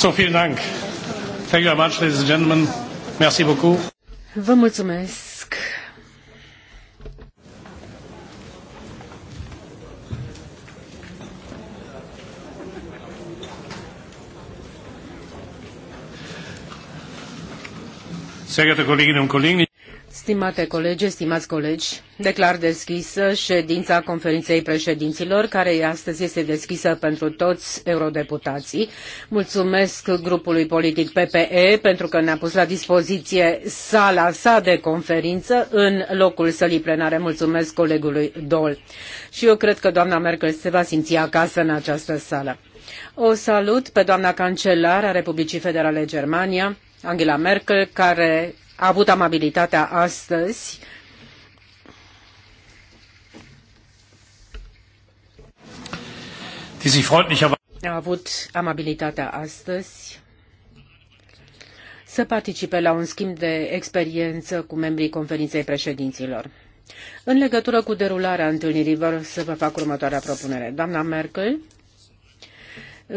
Vă mulțumesc. Sehr geehrte Kolleginnen und Kollegen, Stimate colegi, stimați colegi, declar deschisă ședința conferinței președinților, care astăzi este deschisă pentru toți eurodeputații. Mulțumesc grupului politic PPE pentru că ne-a pus la dispoziție sala sa de conferință în locul sălii plenare. Mulțumesc colegului Dol. Și eu cred că doamna Merkel se va simți acasă în această sală. O salut pe doamna cancelar a Republicii Federale Germania, Angela Merkel, care a avut amabilitatea astăzi die sich freundlich a avut amabilitatea astăzi să participe la un schimb de experiență cu membrii conferinței președinților. În legătură cu derularea întâlnirii, vă să vă fac următoarea propunere. Doamna Merkel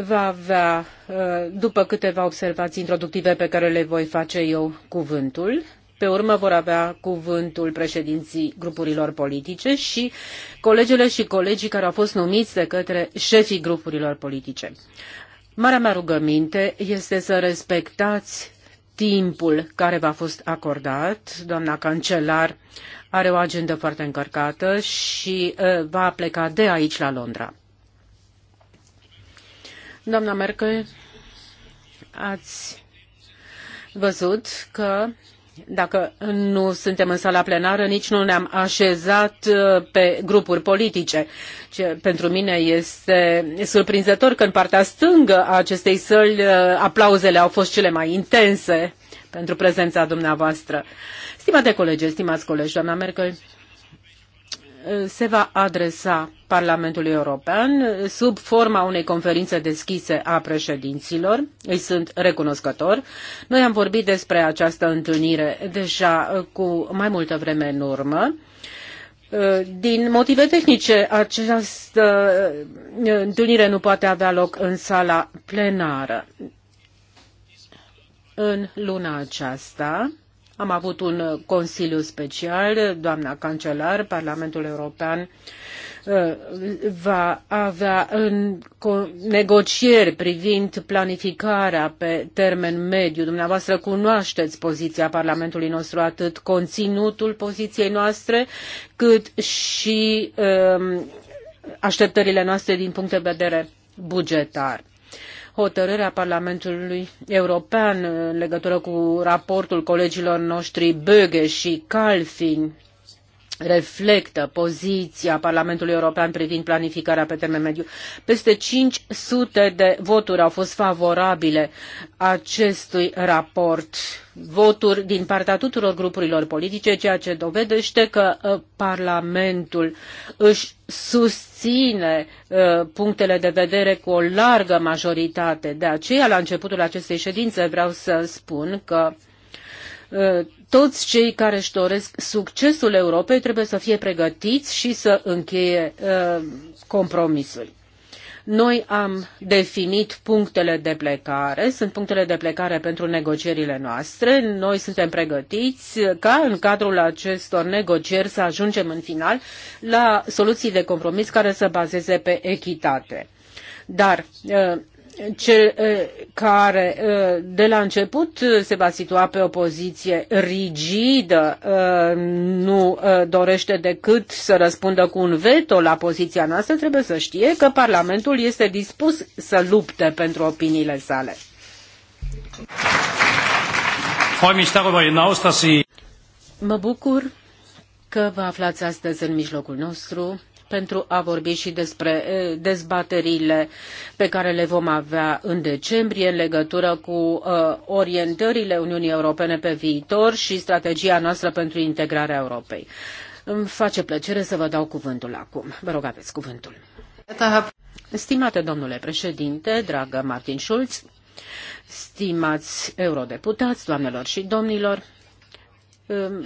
va avea, uh, după câteva observații introductive pe care le voi face eu, cuvântul. Pe urmă vor avea cuvântul președinții grupurilor politice și colegele și colegii care au fost numiți de către șefii grupurilor politice. Marea mea rugăminte este să respectați timpul care v-a fost acordat. Doamna cancelar are o agendă foarte încărcată și uh, va pleca de aici la Londra. Doamna Merkel, ați văzut că dacă nu suntem în sala plenară, nici nu ne-am așezat uh, pe grupuri politice. Ce pentru mine este surprinzător că în partea stângă a acestei săli uh, aplauzele au fost cele mai intense pentru prezența dumneavoastră. Stimate colegi, stimați colegi, doamna Merkel, se va adresa Parlamentului European sub forma unei conferințe deschise a președinților. Îi sunt recunoscător. Noi am vorbit despre această întâlnire deja cu mai multă vreme în urmă. Din motive tehnice, această întâlnire nu poate avea loc în sala plenară. În luna aceasta, am avut un uh, consiliu special, doamna cancelar, Parlamentul European uh, va avea negocieri privind planificarea pe termen mediu. Dumneavoastră cunoașteți poziția Parlamentului nostru, atât conținutul poziției noastre, cât și um, așteptările noastre din punct de vedere bugetar hotărârea Parlamentului European în legătură cu raportul colegilor noștri Böge și Kalfin reflectă poziția Parlamentului European privind planificarea pe termen mediu. Peste 500 de voturi au fost favorabile acestui raport, voturi din partea tuturor grupurilor politice, ceea ce dovedește că uh, Parlamentul își susține uh, punctele de vedere cu o largă majoritate. De aceea, la începutul acestei ședințe, vreau să spun că toți cei care își doresc succesul Europei trebuie să fie pregătiți și să încheie uh, compromisuri. Noi am definit punctele de plecare, sunt punctele de plecare pentru negocierile noastre. Noi suntem pregătiți ca în cadrul acestor negocieri să ajungem în final la soluții de compromis care să bazeze pe echitate. Dar uh, cel care de la început se va situa pe o poziție rigidă nu dorește decât să răspundă cu un veto la poziția noastră, trebuie să știe că Parlamentul este dispus să lupte pentru opiniile sale. Mă bucur că vă aflați astăzi în mijlocul nostru pentru a vorbi și despre dezbaterile pe care le vom avea în decembrie în legătură cu orientările Uniunii Europene pe viitor și strategia noastră pentru integrarea Europei. Îmi face plăcere să vă dau cuvântul acum. Vă rog, aveți cuvântul. Stimate domnule președinte, dragă Martin Schulz, stimați eurodeputați, doamnelor și domnilor,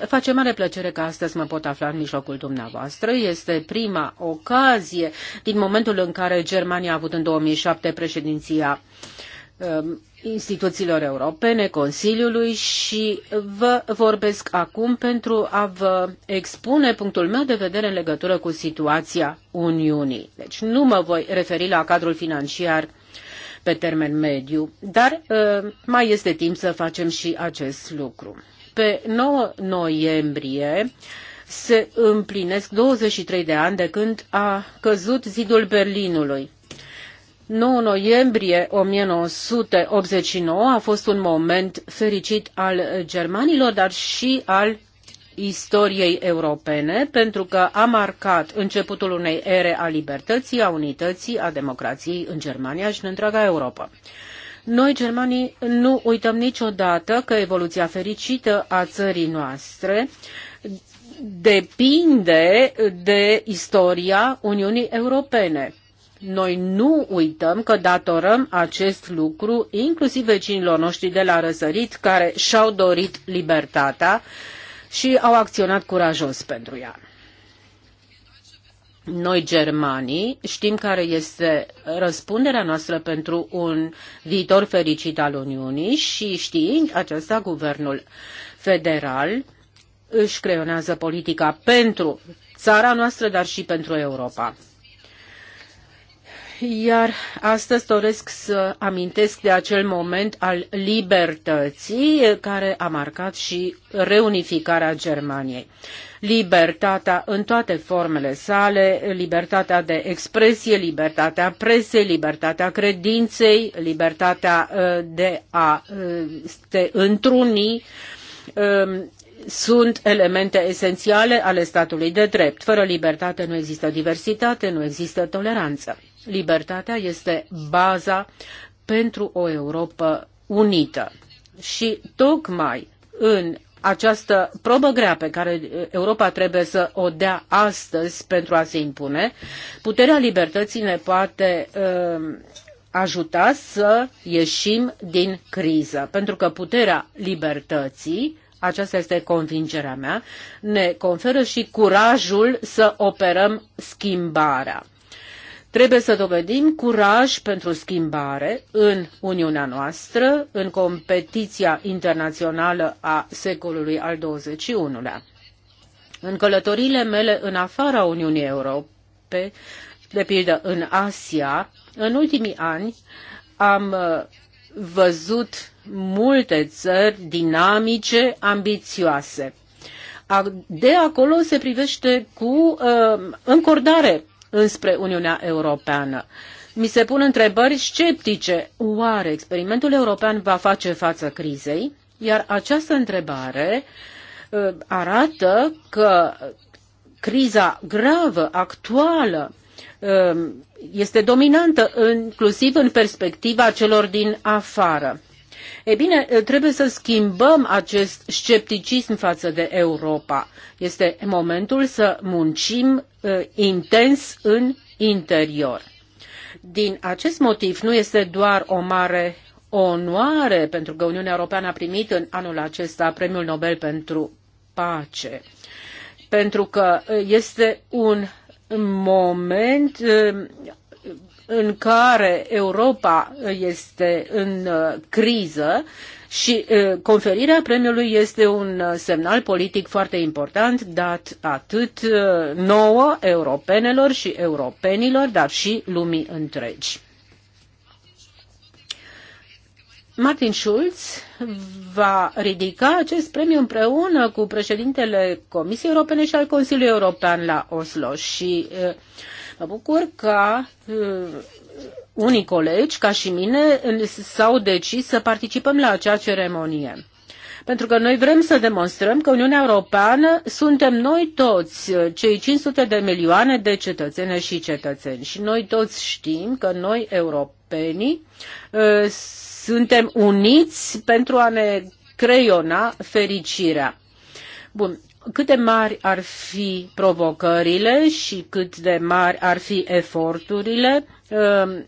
Face mare plăcere că astăzi mă pot afla în mijlocul dumneavoastră. Este prima ocazie din momentul în care Germania a avut în 2007 președinția um, instituțiilor europene, Consiliului și vă vorbesc acum pentru a vă expune punctul meu de vedere în legătură cu situația Uniunii. Deci nu mă voi referi la cadrul financiar pe termen mediu, dar uh, mai este timp să facem și acest lucru. Pe 9 noiembrie se împlinesc 23 de ani de când a căzut zidul Berlinului. 9 noiembrie 1989 a fost un moment fericit al germanilor, dar și al istoriei europene, pentru că a marcat începutul unei ere a libertății, a unității, a democrației în Germania și în întreaga Europa. Noi, germanii, nu uităm niciodată că evoluția fericită a țării noastre depinde de istoria Uniunii Europene. Noi nu uităm că datorăm acest lucru inclusiv vecinilor noștri de la răsărit care și-au dorit libertatea și au acționat curajos pentru ea noi germanii știm care este răspunderea noastră pentru un viitor fericit al Uniunii și știind acesta guvernul federal își creionează politica pentru țara noastră, dar și pentru Europa. Iar astăzi doresc să amintesc de acel moment al libertății care a marcat și reunificarea Germaniei libertatea în toate formele sale, libertatea de expresie, libertatea presei, libertatea credinței, libertatea uh, de a uh, te întruni um, sunt elemente esențiale ale statului de drept. Fără libertate nu există diversitate, nu există toleranță. Libertatea este baza pentru o Europa unită. Și tocmai în această probă grea pe care uh, Europa trebuie să o dea astăzi pentru a se impune, puterea libertății ne poate uh, ajuta să ieșim din criză. Pentru că puterea libertății, aceasta este convingerea mea, ne conferă și curajul să operăm schimbarea. Trebuie să dovedim curaj pentru schimbare în Uniunea noastră, în competiția internațională a secolului al XXI-lea. În călătoriile mele în afara Uniunii Europene, de pildă în Asia, în ultimii ani am uh, văzut multe țări dinamice, ambițioase. De acolo se privește cu uh, încordare înspre Uniunea Europeană. Mi se pun întrebări sceptice. Oare experimentul european va face față crizei? Iar această întrebare uh, arată că criza gravă, actuală, uh, este dominantă inclusiv în perspectiva celor din afară. E bine, trebuie să schimbăm acest scepticism față de Europa. Este momentul să muncim eh, intens în interior. Din acest motiv nu este doar o mare onoare pentru că Uniunea Europeană a primit în anul acesta Premiul Nobel pentru pace, pentru că eh, este un moment eh, în care Europa este în uh, criză și uh, conferirea premiului este un uh, semnal politic foarte important dat atât nouă europenelor și europenilor, dar și lumii întregi. Martin Schulz va ridica acest premiu împreună cu președintele Comisiei Europene și al Consiliului European la Oslo și Mă bucur că uh, unii colegi, ca și mine, s-au decis să participăm la acea ceremonie. Pentru că noi vrem să demonstrăm că Uniunea Europeană suntem noi toți, uh, cei 500 de milioane de cetățene și cetățeni. Și noi toți știm că noi, europenii, uh, suntem uniți pentru a ne creiona fericirea. Bun, cât de mari ar fi provocările și cât de mari ar fi eforturile um,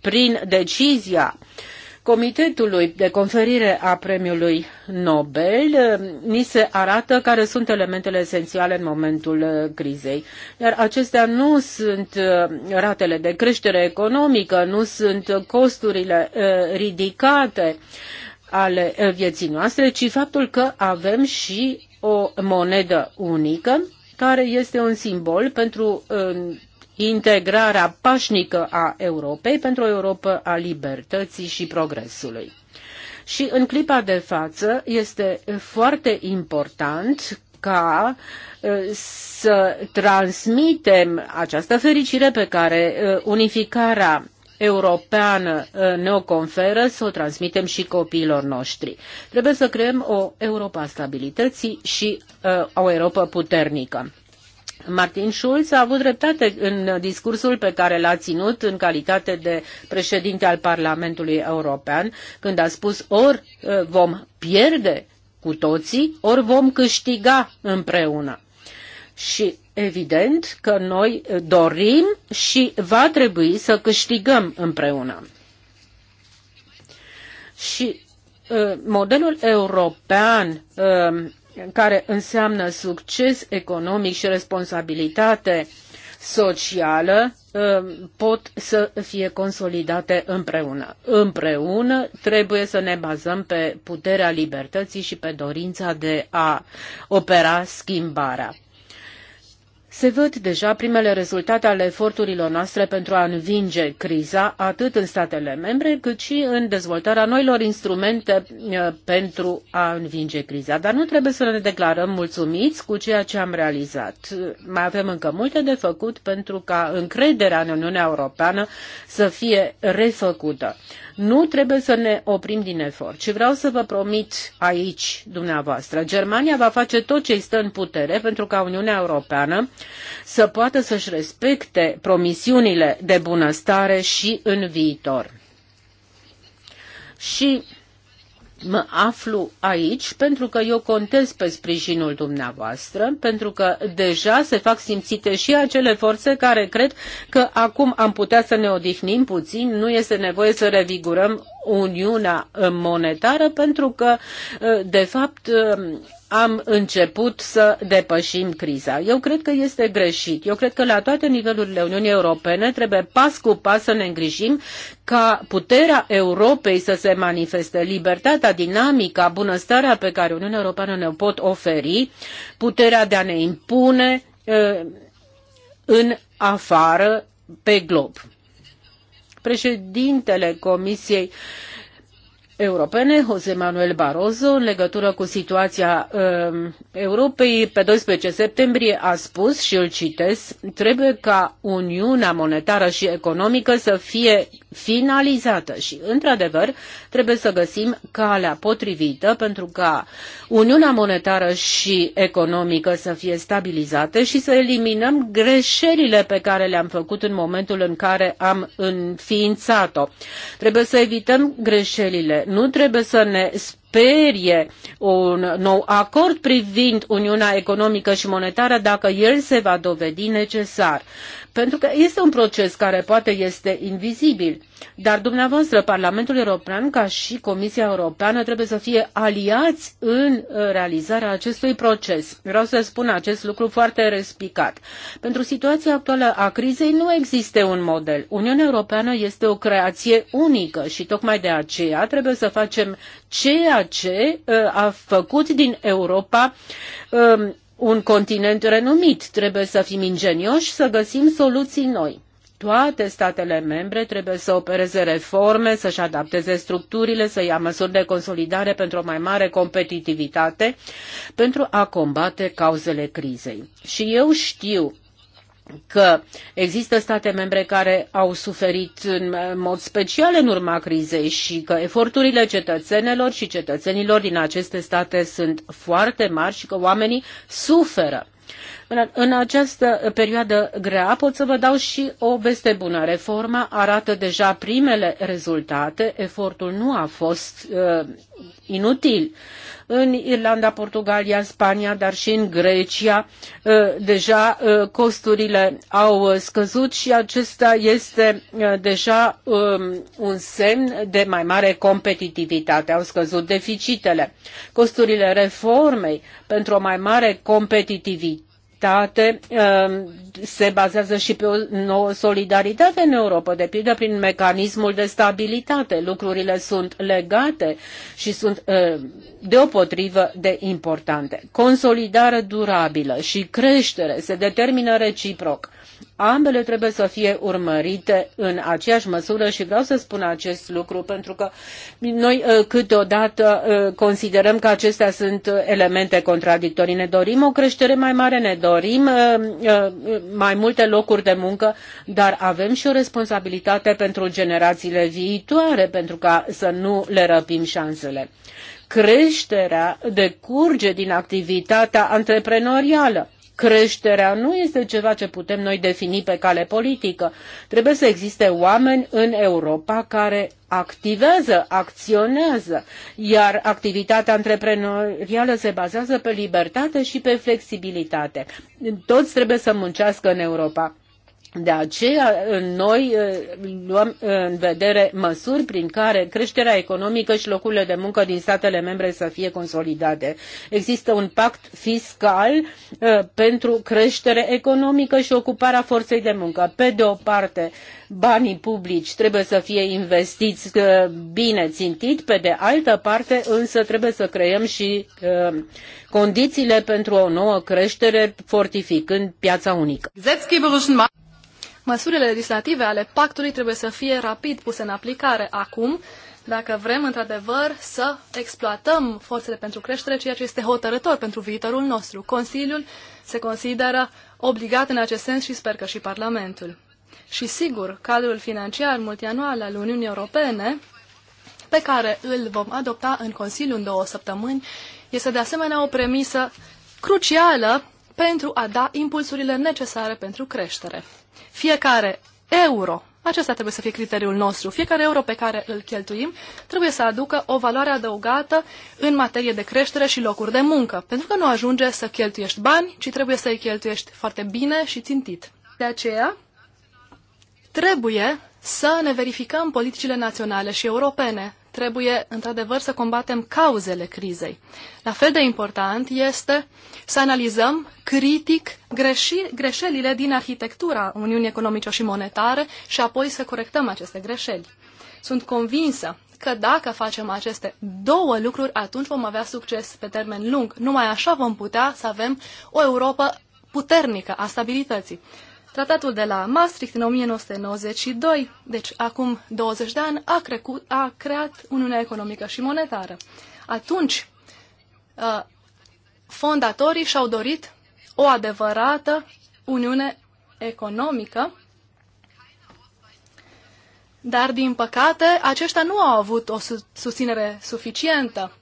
prin decizia Comitetului de conferire a premiului Nobel um, ni se arată care sunt elementele esențiale în momentul uh, crizei. Iar acestea nu sunt uh, ratele de creștere economică, nu sunt costurile uh, ridicate ale vieții noastre, ci faptul că avem și o monedă unică, care este un simbol pentru integrarea pașnică a Europei, pentru o Europa a libertății și progresului. Și în clipa de față este foarte important ca ă, să transmitem această fericire pe care ă, unificarea europeană uh, ne o conferă, să o transmitem și copiilor noștri. Trebuie să creăm o Europa stabilității și uh, o Europa puternică. Martin Schulz a avut dreptate în discursul pe care l-a ținut în calitate de președinte al Parlamentului European, când a spus ori uh, vom pierde cu toții, ori vom câștiga împreună. Și evident că noi dorim și va trebui să câștigăm împreună. Și uh, modelul european uh, care înseamnă succes economic și responsabilitate socială uh, pot să fie consolidate împreună. Împreună trebuie să ne bazăm pe puterea libertății și pe dorința de a opera schimbarea. Se văd deja primele rezultate ale eforturilor noastre pentru a învinge criza, atât în statele membre, cât și în dezvoltarea noilor instrumente eh, pentru a învinge criza. Dar nu trebuie să ne declarăm mulțumiți cu ceea ce am realizat. Mai avem încă multe de făcut pentru ca încrederea în Uniunea Europeană să fie refăcută. Nu trebuie să ne oprim din efort. Și vreau să vă promit aici, dumneavoastră, Germania va face tot ce stă în putere pentru ca Uniunea Europeană să poată să-și respecte promisiunile de bunăstare și în viitor. Și mă aflu aici pentru că eu contez pe sprijinul dumneavoastră, pentru că deja se fac simțite și acele forțe care cred că acum am putea să ne odihnim puțin, nu este nevoie să revigurăm Uniunea Monetară, pentru că, de fapt, am început să depășim criza. Eu cred că este greșit. Eu cred că la toate nivelurile Uniunii Europene trebuie pas cu pas să ne îngrijim ca puterea Europei să se manifeste, libertatea, dinamica, bunăstarea pe care Uniunea Europeană ne pot oferi, puterea de a ne impune în afară pe glob. Președintele Comisiei uh, Europene, José Manuel Barroso, în legătură cu situația uh, Europei pe 12 septembrie, a spus și îl citesc, trebuie ca Uniunea Monetară și Economică să fie finalizată și, într-adevăr, trebuie să găsim calea potrivită pentru ca Uniunea Monetară și Economică să fie stabilizate și să eliminăm greșelile pe care le-am făcut în momentul în care am înființat-o. Trebuie să evităm greșelile, nu trebuie să ne sperie un nou acord privind Uniunea Economică și Monetară dacă el se va dovedi necesar. Pentru că este un proces care poate este invizibil. Dar dumneavoastră, Parlamentul European, ca și Comisia Europeană, trebuie să fie aliați în uh, realizarea acestui proces. Vreau să spun acest lucru foarte respicat. Pentru situația actuală a crizei nu există un model. Uniunea Europeană este o creație unică și tocmai de aceea trebuie să facem ceea ce uh, a făcut din Europa um, un continent renumit. Trebuie să fim ingenioși, să găsim soluții noi. Toate statele membre trebuie să opereze reforme, să-și adapteze structurile, să ia măsuri de consolidare pentru o mai mare competitivitate, pentru a combate cauzele crizei. Și eu știu că există state membre care au suferit în mod special în urma crizei și că eforturile cetățenilor și cetățenilor din aceste state sunt foarte mari și că oamenii suferă. În această perioadă grea pot să vă dau și o veste bună. Reforma arată deja primele rezultate, efortul nu a fost uh, inutil. Uh, în Irlanda, Portugalia, Spania, dar și în Grecia uh, deja uh, costurile au uh, scăzut și acesta este deja um, un semn de mai mare competitivitate. Au scăzut deficitele. Costurile reformei pentru o mai mare competitivitate solidaritate um, se bazează și pe o nouă solidaritate în Europa, de pildă prin mecanismul de stabilitate. Lucrurile sunt legate și sunt uh, deopotrivă de importante. Consolidare durabilă și creștere se determină reciproc ambele trebuie să fie urmărite în aceeași măsură și vreau să spun acest lucru pentru că noi uh, câteodată uh, considerăm că acestea sunt uh, elemente contradictorii. Ne dorim o creștere mai mare, ne dorim mai multe locuri de muncă, dar avem și o responsabilitate pentru generațiile viitoare pentru ca să nu le răpim șansele creșterea decurge din activitatea antreprenorială creșterea nu este ceva ce putem noi defini pe cale politică. Trebuie să existe oameni în Europa care activează, acționează, iar activitatea antreprenorială se bazează pe libertate și pe flexibilitate. Toți trebuie să muncească în Europa. De aceea, noi ă, luăm în vedere măsuri prin care creșterea economică și locurile de muncă din statele membre să fie consolidate. Există un pact fiscal ă, pentru creștere economică și ocuparea forței de muncă. Pe de o parte, banii publici trebuie să fie investiți ă, bine țintit, pe de altă parte însă trebuie să creăm și condițiile pentru o nouă creștere, fortificând piața unică măsurile legislative ale pactului trebuie să fie rapid puse în aplicare acum, dacă vrem într-adevăr să exploatăm forțele pentru creștere, ceea ce este hotărător pentru viitorul nostru. Consiliul se consideră obligat în acest sens și sper că și Parlamentul. Și sigur, cadrul financiar multianual al Uniunii Europene, pe care îl vom adopta în Consiliu în două săptămâni, este de asemenea o premisă crucială pentru a da impulsurile necesare pentru creștere. Fiecare euro, acesta trebuie să fie criteriul nostru, fiecare euro pe care îl cheltuim trebuie să aducă o valoare adăugată în materie de creștere și locuri de muncă, pentru că nu ajunge să cheltuiești bani, ci trebuie să îi cheltuiești foarte bine și țintit. De aceea, trebuie să ne verificăm politicile naționale și europene trebuie într-adevăr să combatem cauzele crizei. La fel de important este să analizăm critic greși, greșelile din arhitectura Uniunii Economice și Monetare și apoi să corectăm aceste greșeli. Sunt convinsă că dacă facem aceste două lucruri, atunci vom avea succes pe termen lung. Numai așa vom putea să avem o Europa puternică a stabilității. Tratatul de la Maastricht în 1992, deci acum 20 de ani, a, crecut, a creat Uniunea Economică și Monetară. Atunci, uh, fondatorii și-au dorit o adevărată Uniune Economică, dar, din păcate, aceștia nu au avut o susținere suficientă,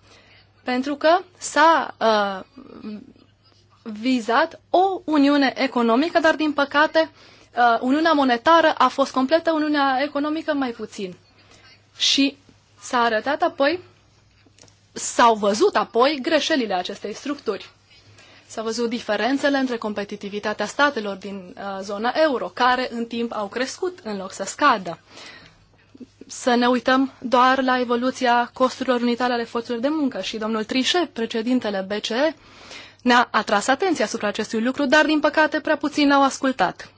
pentru că s-a uh, vizat o uniune economică, dar din păcate uh, uniunea monetară a fost completă, uniunea economică mai puțin. Și s-a arătat apoi, s-au văzut apoi greșelile acestei structuri. S-au văzut diferențele între competitivitatea statelor din uh, zona euro, care în timp au crescut în loc să scadă. Să ne uităm doar la evoluția costurilor unitare ale forțelor de muncă și domnul Trișe, președintele BCE, ne-a atras atenția asupra acestui lucru, dar din păcate prea puțin l-au ascultat.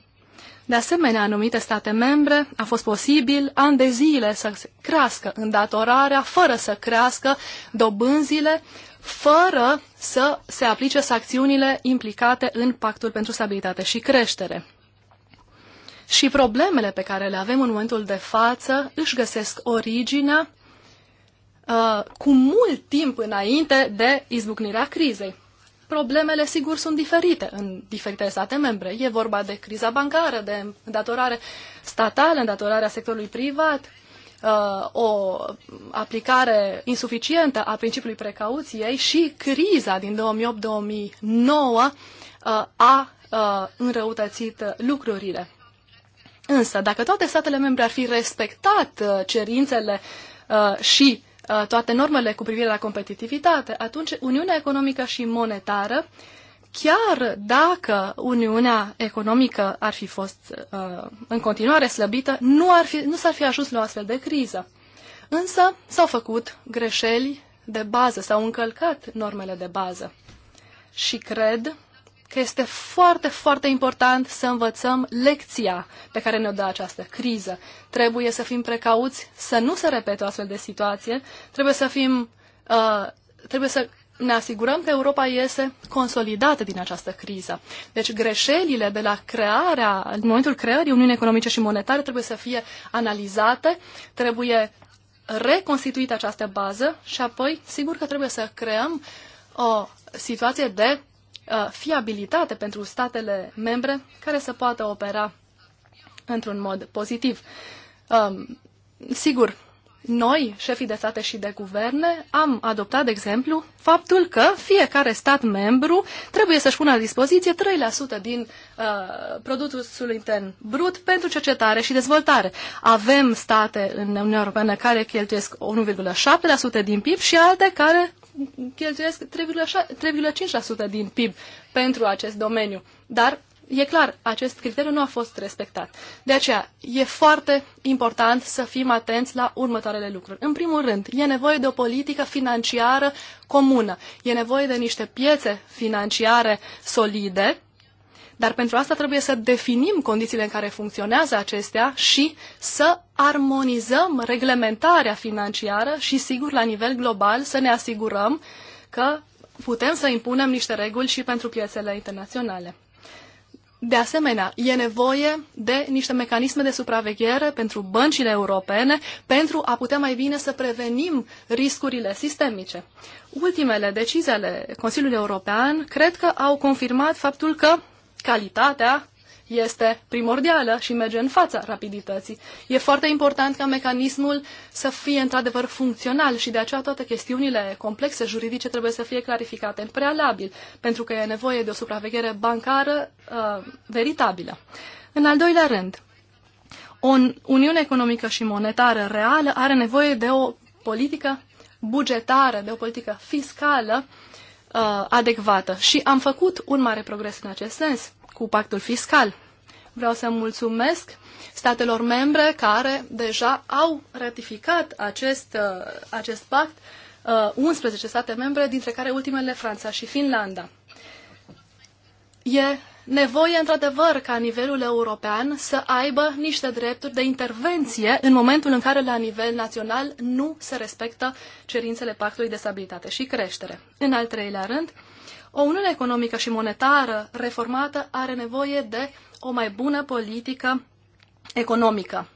De asemenea, anumite state membre a fost posibil ani de zile să crească îndatorarea fără să crească dobânzile, fără să se aplice sancțiunile implicate în Pactul pentru Stabilitate și Creștere. Și problemele pe care le avem în momentul de față își găsesc originea uh, cu mult timp înainte de izbucnirea crizei problemele, sigur, sunt diferite în diferite state membre. E vorba de criza bancară, de îndatorare statală, îndatorarea sectorului privat, uh, o aplicare insuficientă a principiului precauției și criza din 2008-2009 uh, a uh, înrăutățit lucrurile. Însă, dacă toate statele membre ar fi respectat cerințele și Uh, toate normele cu privire la competitivitate, atunci Uniunea Economică și Monetară, chiar dacă Uniunea Economică ar fi fost uh, în continuare slăbită, nu, ar fi, nu s-ar fi ajuns la o astfel de criză. Însă s-au făcut greșeli de bază, s-au încălcat normele de bază. Și cred că este foarte, foarte important să învățăm lecția pe care ne-o dă această criză. Trebuie să fim precauți să nu se repete o astfel de situație, trebuie să fim, uh, trebuie să ne asigurăm că Europa iese consolidată din această criză. Deci greșelile de la crearea, în momentul creării Uniunii Economice și Monetare trebuie să fie analizate, trebuie reconstituită această bază și apoi, sigur că trebuie să creăm o situație de Uh, fiabilitate pentru statele membre care să poată opera într-un mod pozitiv. Um, sigur, noi, șefii de state și de guverne, am adoptat, de exemplu, faptul că fiecare stat membru trebuie să-și pună la dispoziție 3% din uh, produsul intern brut pentru cercetare și dezvoltare. Avem state în Uniunea Europeană care cheltuiesc 1,7% din PIB și alte care cheltuiesc 3,5% din PIB pentru acest domeniu. Dar, e clar, acest criteriu nu a fost respectat. De aceea, e foarte important să fim atenți la următoarele lucruri. În primul rând, e nevoie de o politică financiară comună. E nevoie de niște piețe financiare solide, dar pentru asta trebuie să definim condițiile în care funcționează acestea și să armonizăm reglementarea financiară și, sigur, la nivel global, să ne asigurăm că putem să impunem niște reguli și pentru piețele internaționale. De asemenea, e nevoie de niște mecanisme de supraveghere pentru băncile europene pentru a putea mai bine să prevenim riscurile sistemice. Ultimele decizii ale Consiliului European cred că au confirmat faptul că calitatea este primordială și merge în fața rapidității. E foarte important ca mecanismul să fie într-adevăr funcțional și de aceea toate chestiunile complexe juridice trebuie să fie clarificate în prealabil, pentru că e nevoie de o supraveghere bancară uh, veritabilă. În al doilea rând, o uniune economică și monetară reală are nevoie de o politică bugetară, de o politică fiscală uh, uh, adecvată. Și am făcut un mare progres în acest sens cu pactul fiscal. Vreau să mulțumesc statelor membre care deja au ratificat acest, uh, acest pact, uh, 11 state membre, dintre care ultimele Franța și Finlanda. E nevoie, într-adevăr, ca nivelul european să aibă niște drepturi de intervenție în momentul în care, la nivel național, nu se respectă cerințele Pactului de Stabilitate și Creștere. În al treilea rând, o uniune economică și monetară reformată are nevoie de o mai bună politică economică.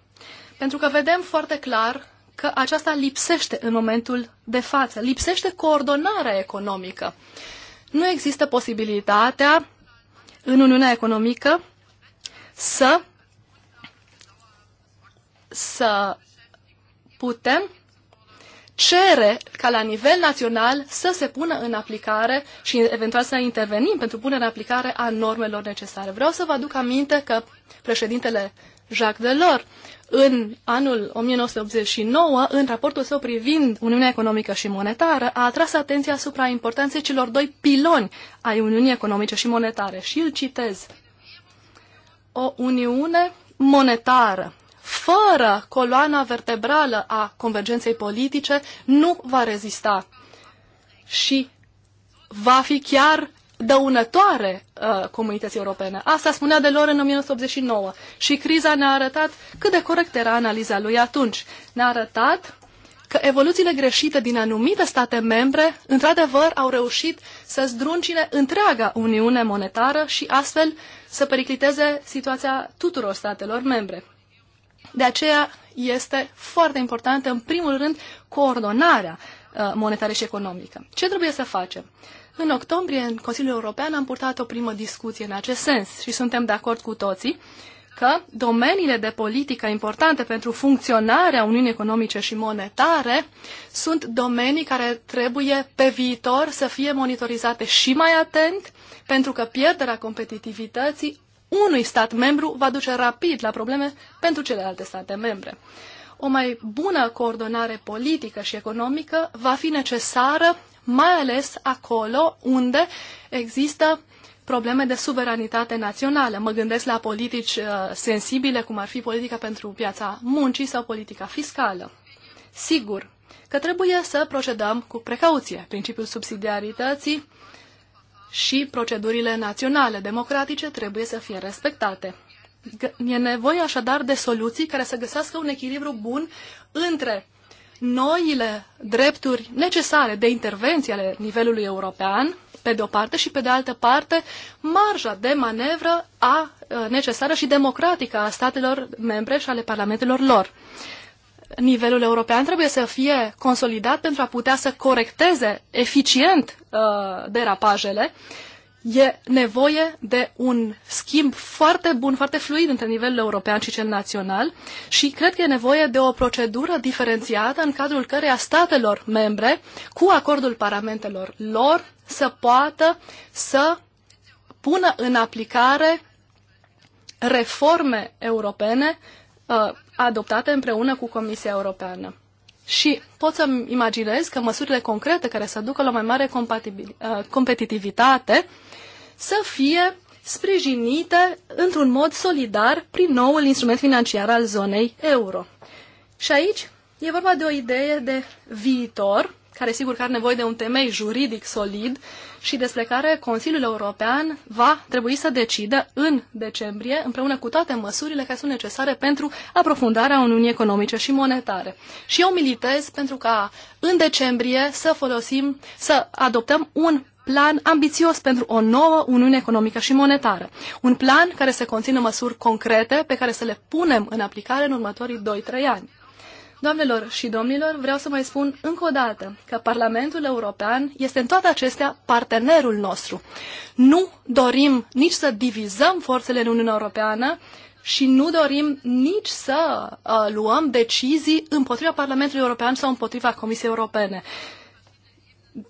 Pentru că vedem foarte clar că aceasta lipsește în momentul de față, lipsește coordonarea economică. Nu există posibilitatea în Uniunea Economică să, să putem cere ca la nivel național să se pună în aplicare și eventual să intervenim pentru punerea în aplicare a normelor necesare. Vreau să vă aduc aminte că președintele Jacques Delors în anul 1989, în raportul său privind Uniunea Economică și Monetară, a atras atenția asupra importanței celor doi piloni ai Uniunii Economice și Monetare. Și îl citez. O Uniune monetară fără coloana vertebrală a convergenței politice nu va rezista și va fi chiar dăunătoare uh, comunității europene. Asta spunea de lor în 1989 și criza ne-a arătat cât de corect era analiza lui atunci. Ne-a arătat că evoluțiile greșite din anumite state membre, într-adevăr, au reușit să zdruncine întreaga Uniune Monetară și astfel să pericliteze situația tuturor statelor membre. De aceea este foarte importantă, în primul rând, coordonarea uh, monetară și economică. Ce trebuie să facem? Uh, în octombrie, în Consiliul European, am purtat o primă discuție în acest sens și suntem de acord cu toții că domeniile de politică importante pentru funcționarea Uniunii Economice și Monetare sunt domenii care trebuie pe viitor să fie monitorizate și mai atent, pentru că pierderea competitivității unui stat membru va duce rapid la probleme pentru celelalte state membre. O mai bună coordonare politică și economică va fi necesară mai ales acolo unde există probleme de suveranitate națională. Mă gândesc la politici uh, sensibile, cum ar fi politica pentru piața muncii sau politica fiscală. Sigur că trebuie să procedăm cu precauție. Principiul subsidiarității și procedurile naționale democratice trebuie să fie respectate. E nevoie așadar de soluții care să găsească un echilibru bun între noile drepturi necesare de intervenție ale nivelului european, pe de o parte, și pe de altă parte, marja de manevră a, uh, necesară și democratică a statelor membre și ale parlamentelor lor. Nivelul european trebuie să fie consolidat pentru a putea să corecteze eficient uh, derapajele uh, e nevoie de un schimb foarte bun, foarte fluid între nivelul european și cel național și cred că e nevoie de o procedură diferențiată în cadrul căreia statelor membre, cu acordul parlamentelor lor, să poată să pună în aplicare reforme europene uh, adoptate împreună cu Comisia Europeană. Și pot să-mi imaginez că măsurile concrete care să ducă la mai mare uh, competitivitate să fie sprijinite într-un mod solidar prin noul instrument financiar al zonei euro. Și aici e vorba de o idee de viitor, care sigur că are nevoie de un temei juridic solid și despre care Consiliul European va trebui să decidă în decembrie, împreună cu toate măsurile care sunt necesare pentru aprofundarea Uniunii Economice și Monetare. Și eu militez pentru ca în decembrie să folosim, să adoptăm un plan ambițios pentru o nouă Uniune Economică și Monetară. Un plan care să conțină măsuri concrete pe care să le punem în aplicare în următorii 2-3 ani. Doamnelor și domnilor, vreau să mai spun încă o dată că Parlamentul European este în toate acestea partenerul nostru. Nu dorim nici să divizăm forțele în Uniunea Europeană și nu dorim nici să uh, luăm decizii împotriva Parlamentului European sau împotriva Comisiei Europene. Uh,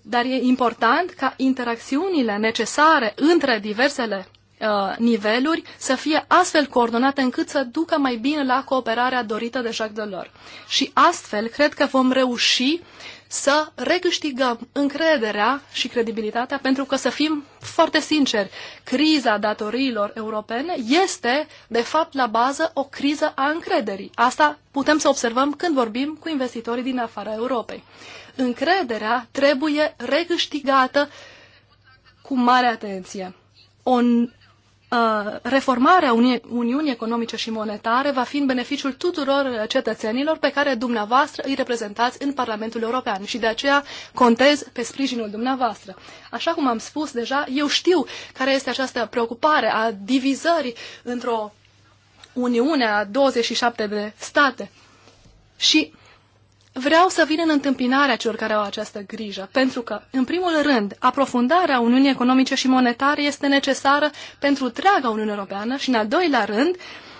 dar e important ca interacțiunile necesare între diversele uh, niveluri să fie astfel coordonate încât să ducă mai bine la cooperarea dorită de Jacques Delors. Și astfel cred că vom reuși să recâștigăm încrederea și credibilitatea, pentru că să fim foarte sinceri, criza datoriilor europene este, de fapt, la bază o criză a încrederii. Asta putem să observăm când vorbim cu investitorii din afara Europei încrederea trebuie recâștigată cu mare atenție. O uh, a Uni Uniunii Economice și Monetare va fi în beneficiul tuturor uh, cetățenilor pe care dumneavoastră îi reprezentați în Parlamentul European și de aceea contez pe sprijinul dumneavoastră. Așa cum am spus deja, eu știu care este această preocupare a divizării într-o Uniune a 27 de state. Și vreau să vin în întâmpinarea celor care au această grijă, pentru că, în primul rând, aprofundarea Uniunii Economice și Monetare este necesară pentru întreaga Uniune Europeană și, în al doilea rând,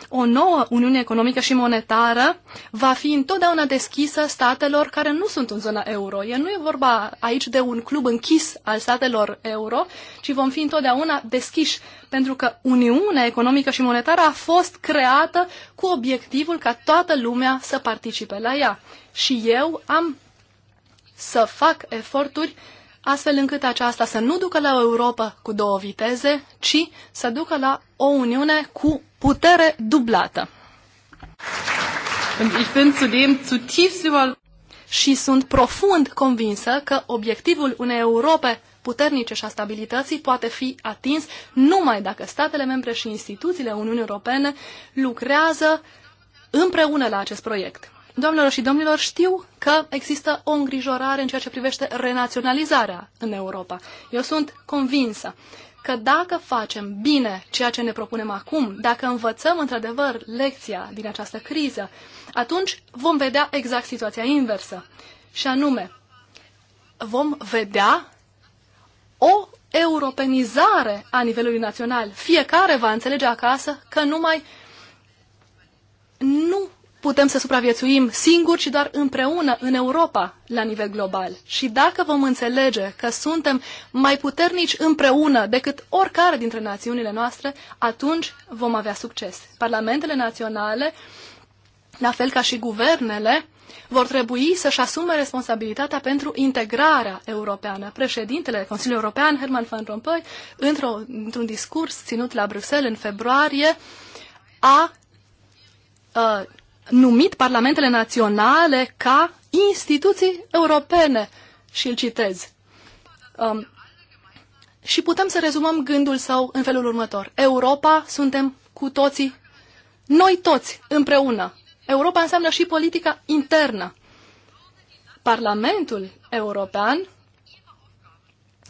o nouă Uniune Economică și Monetară va fi întotdeauna deschisă statelor care nu sunt în zona euro. E nu e vorba aici de un club închis al statelor euro, ci vom fi întotdeauna deschiși, pentru că Uniunea Economică și Monetară a fost creată cu obiectivul ca toată lumea să participe la ea și eu am să fac eforturi astfel încât aceasta să nu ducă la o Europa cu două viteze, ci să ducă la o Uniune cu putere dublată. Și sunt profund convinsă că obiectivul unei Europe puternice și a stabilității poate fi atins numai dacă statele membre și instituțiile Uniunii Europene lucrează împreună la acest proiect doamnelor și domnilor, știu că există o îngrijorare în ceea ce privește renaționalizarea în Europa. Eu sunt convinsă că dacă facem bine ceea ce ne propunem acum, dacă învățăm într-adevăr lecția din această criză, atunci vom vedea exact situația inversă. Și anume, vom vedea o europenizare a nivelului național. Fiecare va înțelege acasă că numai nu putem să supraviețuim singuri, ci doar împreună în Europa, la nivel global. Și dacă vom înțelege că suntem mai puternici împreună decât oricare dintre națiunile noastre, atunci vom avea succes. Parlamentele naționale, la fel ca și guvernele, vor trebui să-și asume responsabilitatea pentru integrarea europeană. Președintele Consiliului European, Herman Van Rompuy, într-un într discurs ținut la Bruxelles în februarie, a, a numit parlamentele naționale ca instituții europene. Și îl citez. Um, și putem să rezumăm gândul sau în felul următor. Europa suntem cu toții, noi toți împreună. Europa înseamnă și politica internă. Parlamentul European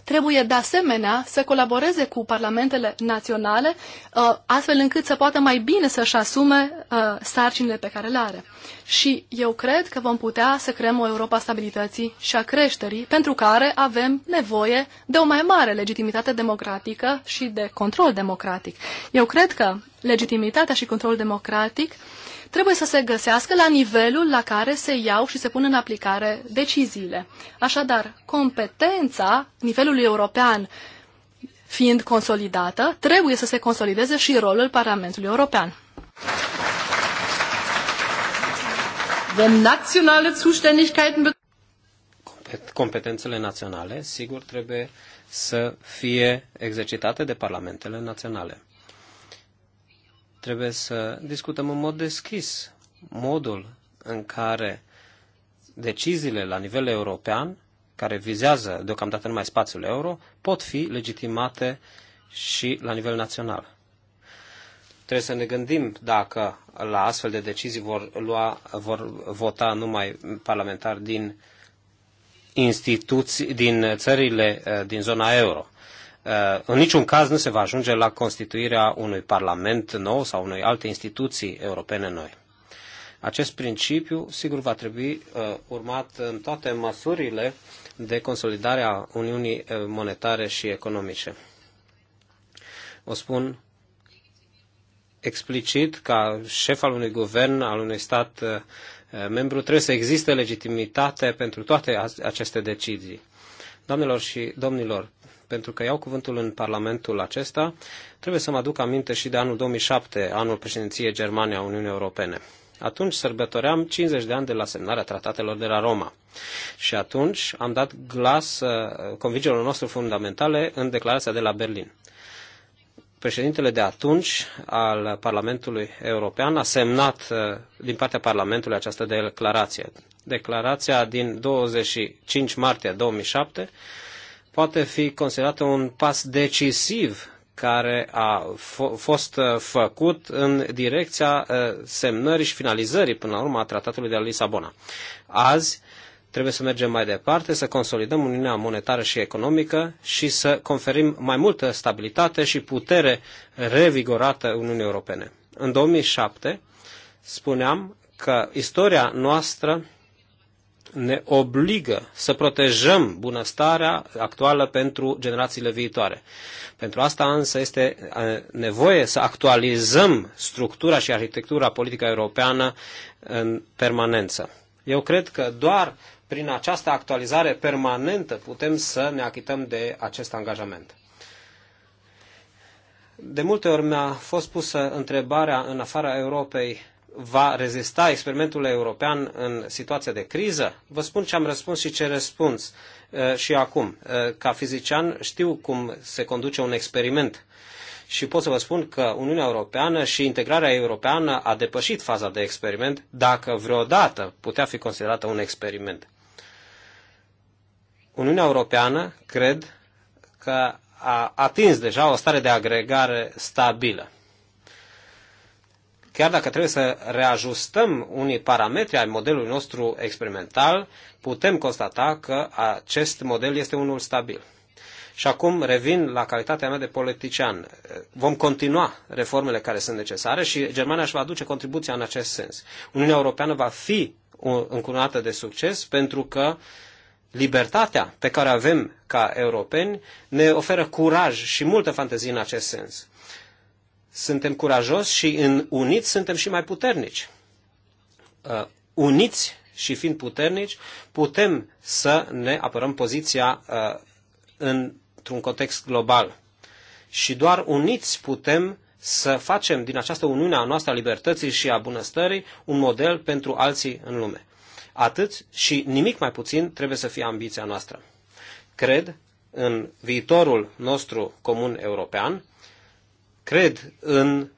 trebuie de asemenea să colaboreze cu parlamentele naționale, uh, astfel încât să poată mai bine să-și asume uh, sarcinile pe care le are. Și eu cred că vom putea să creăm o Europa stabilității și a creșterii, pentru care avem nevoie de o mai mare legitimitate democratică și de control democratic. Eu cred că legitimitatea și controlul democratic uh, trebuie să se găsească la nivelul la care se iau și se pun în aplicare deciziile. Așadar, competența nivelului european fiind consolidată, trebuie să se consolideze și rolul Parlamentului European. competențele naționale, sigur, trebuie să fie exercitate de parlamentele naționale. Trebuie să discutăm în mod deschis modul în care deciziile la nivel european, care vizează deocamdată numai spațiul euro, pot fi legitimate și la nivel național. Trebuie să ne gândim dacă la astfel de decizii vor, lua, vor vota numai parlamentari din instituții, din țările eh, din zona euro Uh, în niciun caz nu se va ajunge la constituirea unui parlament nou sau unei alte instituții europene noi. Acest principiu, sigur, va trebui uh, urmat în toate măsurile de consolidare a Uniunii uh, Monetare și Economice. O spun explicit ca șef al unui guvern, al unui stat membru, trebuie să existe legitimitate pentru toate aceste decizii. Doamnelor și domnilor, pentru că iau cuvântul în Parlamentul acesta, trebuie să mă aduc aminte și de anul 2007, anul președinției Germania a Uniunii Europene. Atunci sărbătoream 50 de ani de la semnarea tratatelor de la Roma. Și atunci am dat glas uh, convingerilor noastre fundamentale în declarația de la Berlin. Președintele de atunci al Parlamentului European a semnat uh, din partea Parlamentului această declarație. Declarația din 25 martie 2007 poate fi considerată un pas decisiv care a fost uh, făcut în direcția uh, semnării și finalizării până la urmă a tratatului de la Lisabona. Azi trebuie să mergem mai departe, să consolidăm Uniunea Monetară și Economică și să conferim mai multă stabilitate și putere revigorată Uniunii Europene. În 2007 spuneam că istoria noastră ne obligă să protejăm bunăstarea actuală pentru generațiile viitoare. Pentru asta însă este nevoie să actualizăm structura și arhitectura politică europeană în permanență. Eu cred că doar prin această actualizare permanentă putem să ne achităm de acest angajament. De multe ori mi-a fost pusă întrebarea în afara Europei va rezista experimentul european în situația de criză? Vă spun ce am răspuns și ce răspuns uh, și acum. Uh, ca fizician știu cum se conduce un experiment și pot să vă spun că Uniunea Europeană și integrarea europeană a depășit faza de experiment dacă vreodată putea fi considerată un experiment. Uniunea Europeană cred că a atins deja o stare de agregare stabilă. Chiar dacă trebuie să reajustăm unii parametri ai modelului nostru experimental, putem constata că acest model este unul stabil. Și acum revin la calitatea mea de politician. Vom continua reformele care sunt necesare și Germania își va aduce contribuția în acest sens. Uniunea Europeană va fi încununată de succes pentru că libertatea pe care o avem ca europeni ne oferă curaj și multă fantezie în acest sens suntem curajoși și în uniți suntem și mai puternici. Uh, uniți și fiind puternici, putem să ne apărăm poziția uh, într-un context global. Și doar uniți putem să facem din această uniune a noastră a libertății și a bunăstării un model pentru alții în lume. Atât și nimic mai puțin trebuie să fie ambiția noastră. Cred în viitorul nostru comun european, cred în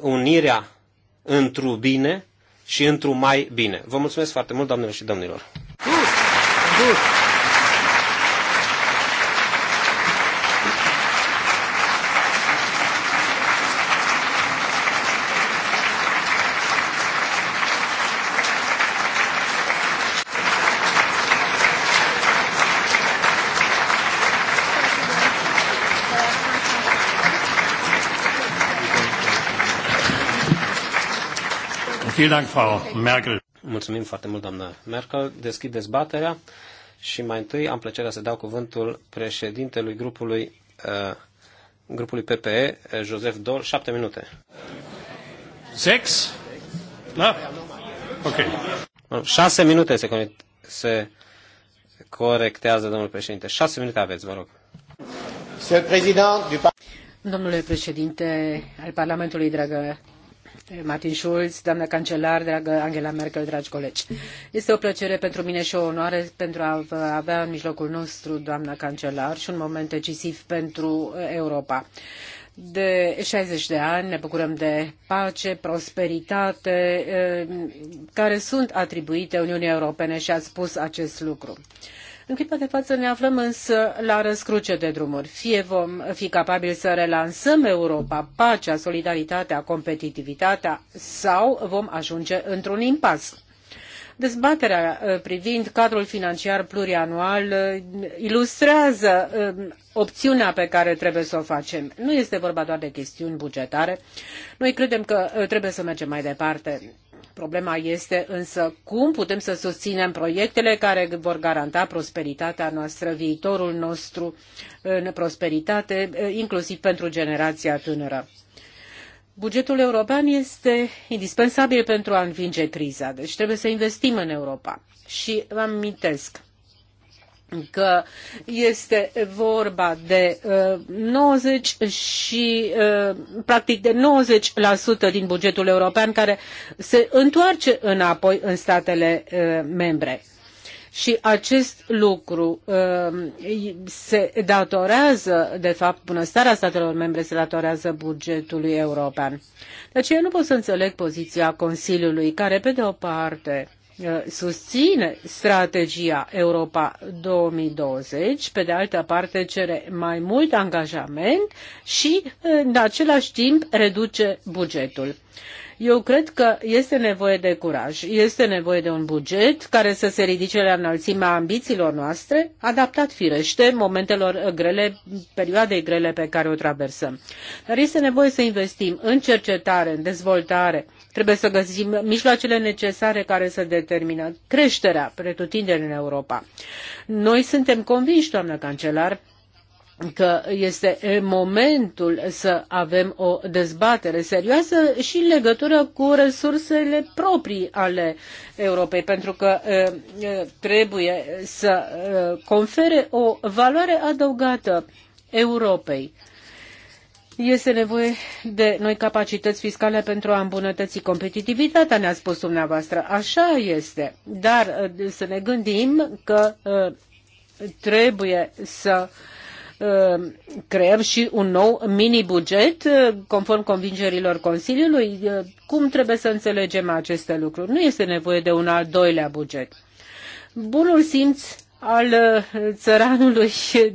unirea într bine și într mai bine. Vă mulțumesc foarte mult, doamnelor și domnilor! Good. Good. Mulțumim foarte mult, doamnă Merkel. Deschid dezbaterea și mai întâi am plăcerea să dau cuvântul președintelui grupului, uh, grupului PPE, Joseph Dol, șapte minute. Sex? Da? Ok. Șase minute se, se corectează, domnul președinte. Șase minute aveți, vă rog. Domnule președinte al Parlamentului, dragă Martin Schulz, doamnă cancelar, dragă Angela Merkel, dragi colegi. Este o plăcere pentru mine și o onoare pentru a avea în mijlocul nostru, doamna cancelar, și un moment decisiv pentru Europa. De 60 de ani ne bucurăm de pace, prosperitate, eh, care sunt atribuite Uniunii Europene și a spus acest lucru. În clipa de față ne aflăm însă la răscruce de drumuri. Fie vom fi capabili să relansăm Europa, pacea, solidaritatea, competitivitatea, sau vom ajunge într-un impas. Dezbaterea uh, privind cadrul financiar plurianual uh, ilustrează uh, opțiunea pe care trebuie să o facem. Nu este vorba doar de chestiuni bugetare. Noi credem că trebuie să mergem mai departe Problema este însă cum putem să susținem proiectele care vor garanta prosperitatea noastră, viitorul nostru în prosperitate, inclusiv pentru generația tânără. Bugetul european este indispensabil pentru a învinge criza, deci trebuie să investim în Europa. Și vă amintesc că este vorba de uh, 90 și uh, practic de 90% din bugetul european care se întoarce înapoi în statele uh, membre. Și acest lucru uh, se datorează, de fapt, bunăstarea statelor membre se datorează bugetului european. De deci, eu nu pot să înțeleg poziția Consiliului, care, pe de o parte, Uh, susține strategia Europa 2020, pe de altă parte cere mai mult angajament și uh, în același timp reduce bugetul. Eu cred că este nevoie de curaj, este nevoie de un buget care să se ridice la înălțimea ambițiilor noastre, adaptat firește momentelor grele, perioadei grele pe care o traversăm. Dar este nevoie să investim în cercetare, în dezvoltare, Trebuie să găsim mijloacele necesare care să determină creșterea pretutindeni în Europa. Noi suntem convinși, doamnă cancelar, că este momentul să avem o dezbatere serioasă și în legătură cu resursele proprii ale Europei, pentru că trebuie să confere o valoare adăugată Europei. Este nevoie de noi capacități fiscale pentru a îmbunătăți competitivitatea, ne-a spus dumneavoastră. Așa este. Dar eh, să ne gândim că eh, trebuie să eh, creăm și un nou mini-buget conform convingerilor Consiliului. Cum trebuie să înțelegem aceste lucruri? Nu este nevoie de un al doilea buget. Bunul simț al uh, țăranului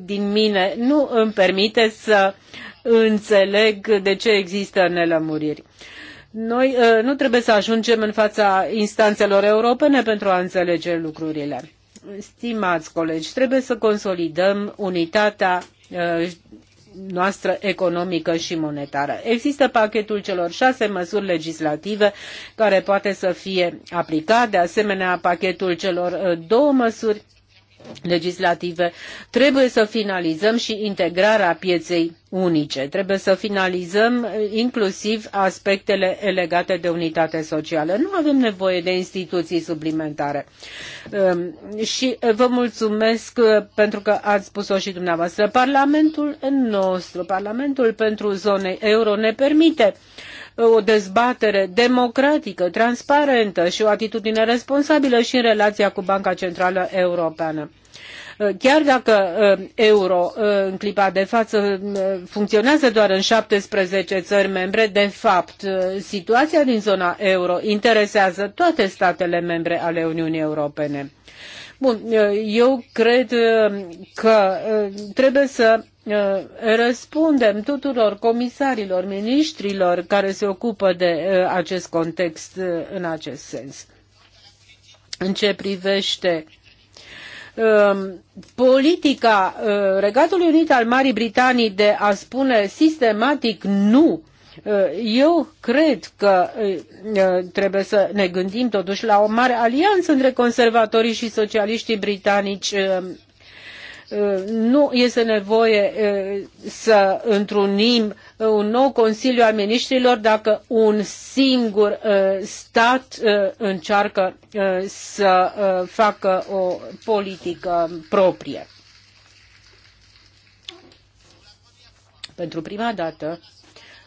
din mine nu îmi permite să înțeleg de ce există nelămuriri. Noi uh, nu trebuie să ajungem în fața instanțelor europene pentru a înțelege lucrurile. Stimați colegi, trebuie să consolidăm unitatea uh, noastră economică și monetară. Există pachetul celor șase măsuri legislative care poate să fie aplicat, de asemenea pachetul celor două măsuri legislative, trebuie să finalizăm și integrarea pieței unice. Trebuie să finalizăm eh, inclusiv aspectele legate de unitate socială. Nu avem nevoie de instituții suplimentare. Ehm, și eh, vă mulțumesc eh, pentru că ați spus-o și dumneavoastră. Parlamentul nostru, Parlamentul pentru zone euro ne permite uh, o dezbatere democratică, transparentă și o atitudine responsabilă și în relația cu Banca Centrală Europeană. Chiar dacă uh, euro uh, în clipa de față uh, funcționează doar în 17 țări membre, de fapt situația din zona euro interesează toate statele membre ale Uniunii Europene. Bun, eu cred că trebuie să Uh, răspundem tuturor comisarilor, miniștrilor care se ocupă de uh, acest context uh, în acest sens. În ce privește um, politica Regatului Unit al Marii Britanii de a spune sistematic nu eu cred că trebuie să ne gândim totuși la o mare alianță între conservatorii și socialiștii britanici um, nu este nevoie să întrunim un nou Consiliu al Ministrilor dacă un singur stat încearcă să facă o politică proprie. Pentru prima dată,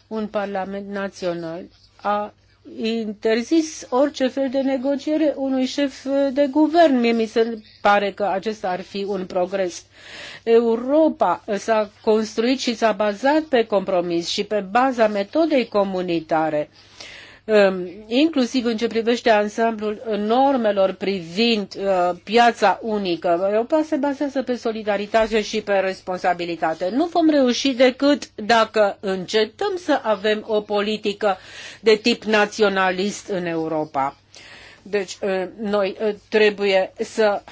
un Parlament Național a interzis orice fel de negociere unui șef de guvern. Mie mi se pare că acesta ar fi un progres. Europa s-a construit și s-a bazat pe compromis și pe baza metodei comunitare. Uh, Um, inclusiv în ce privește ansamblul normelor privind uh, piața unică. Europa se bazează pe solidaritate și pe responsabilitate. Nu vom reuși decât dacă încetăm să avem o politică de tip naționalist în Europa. Deci, uh, noi uh, trebuie să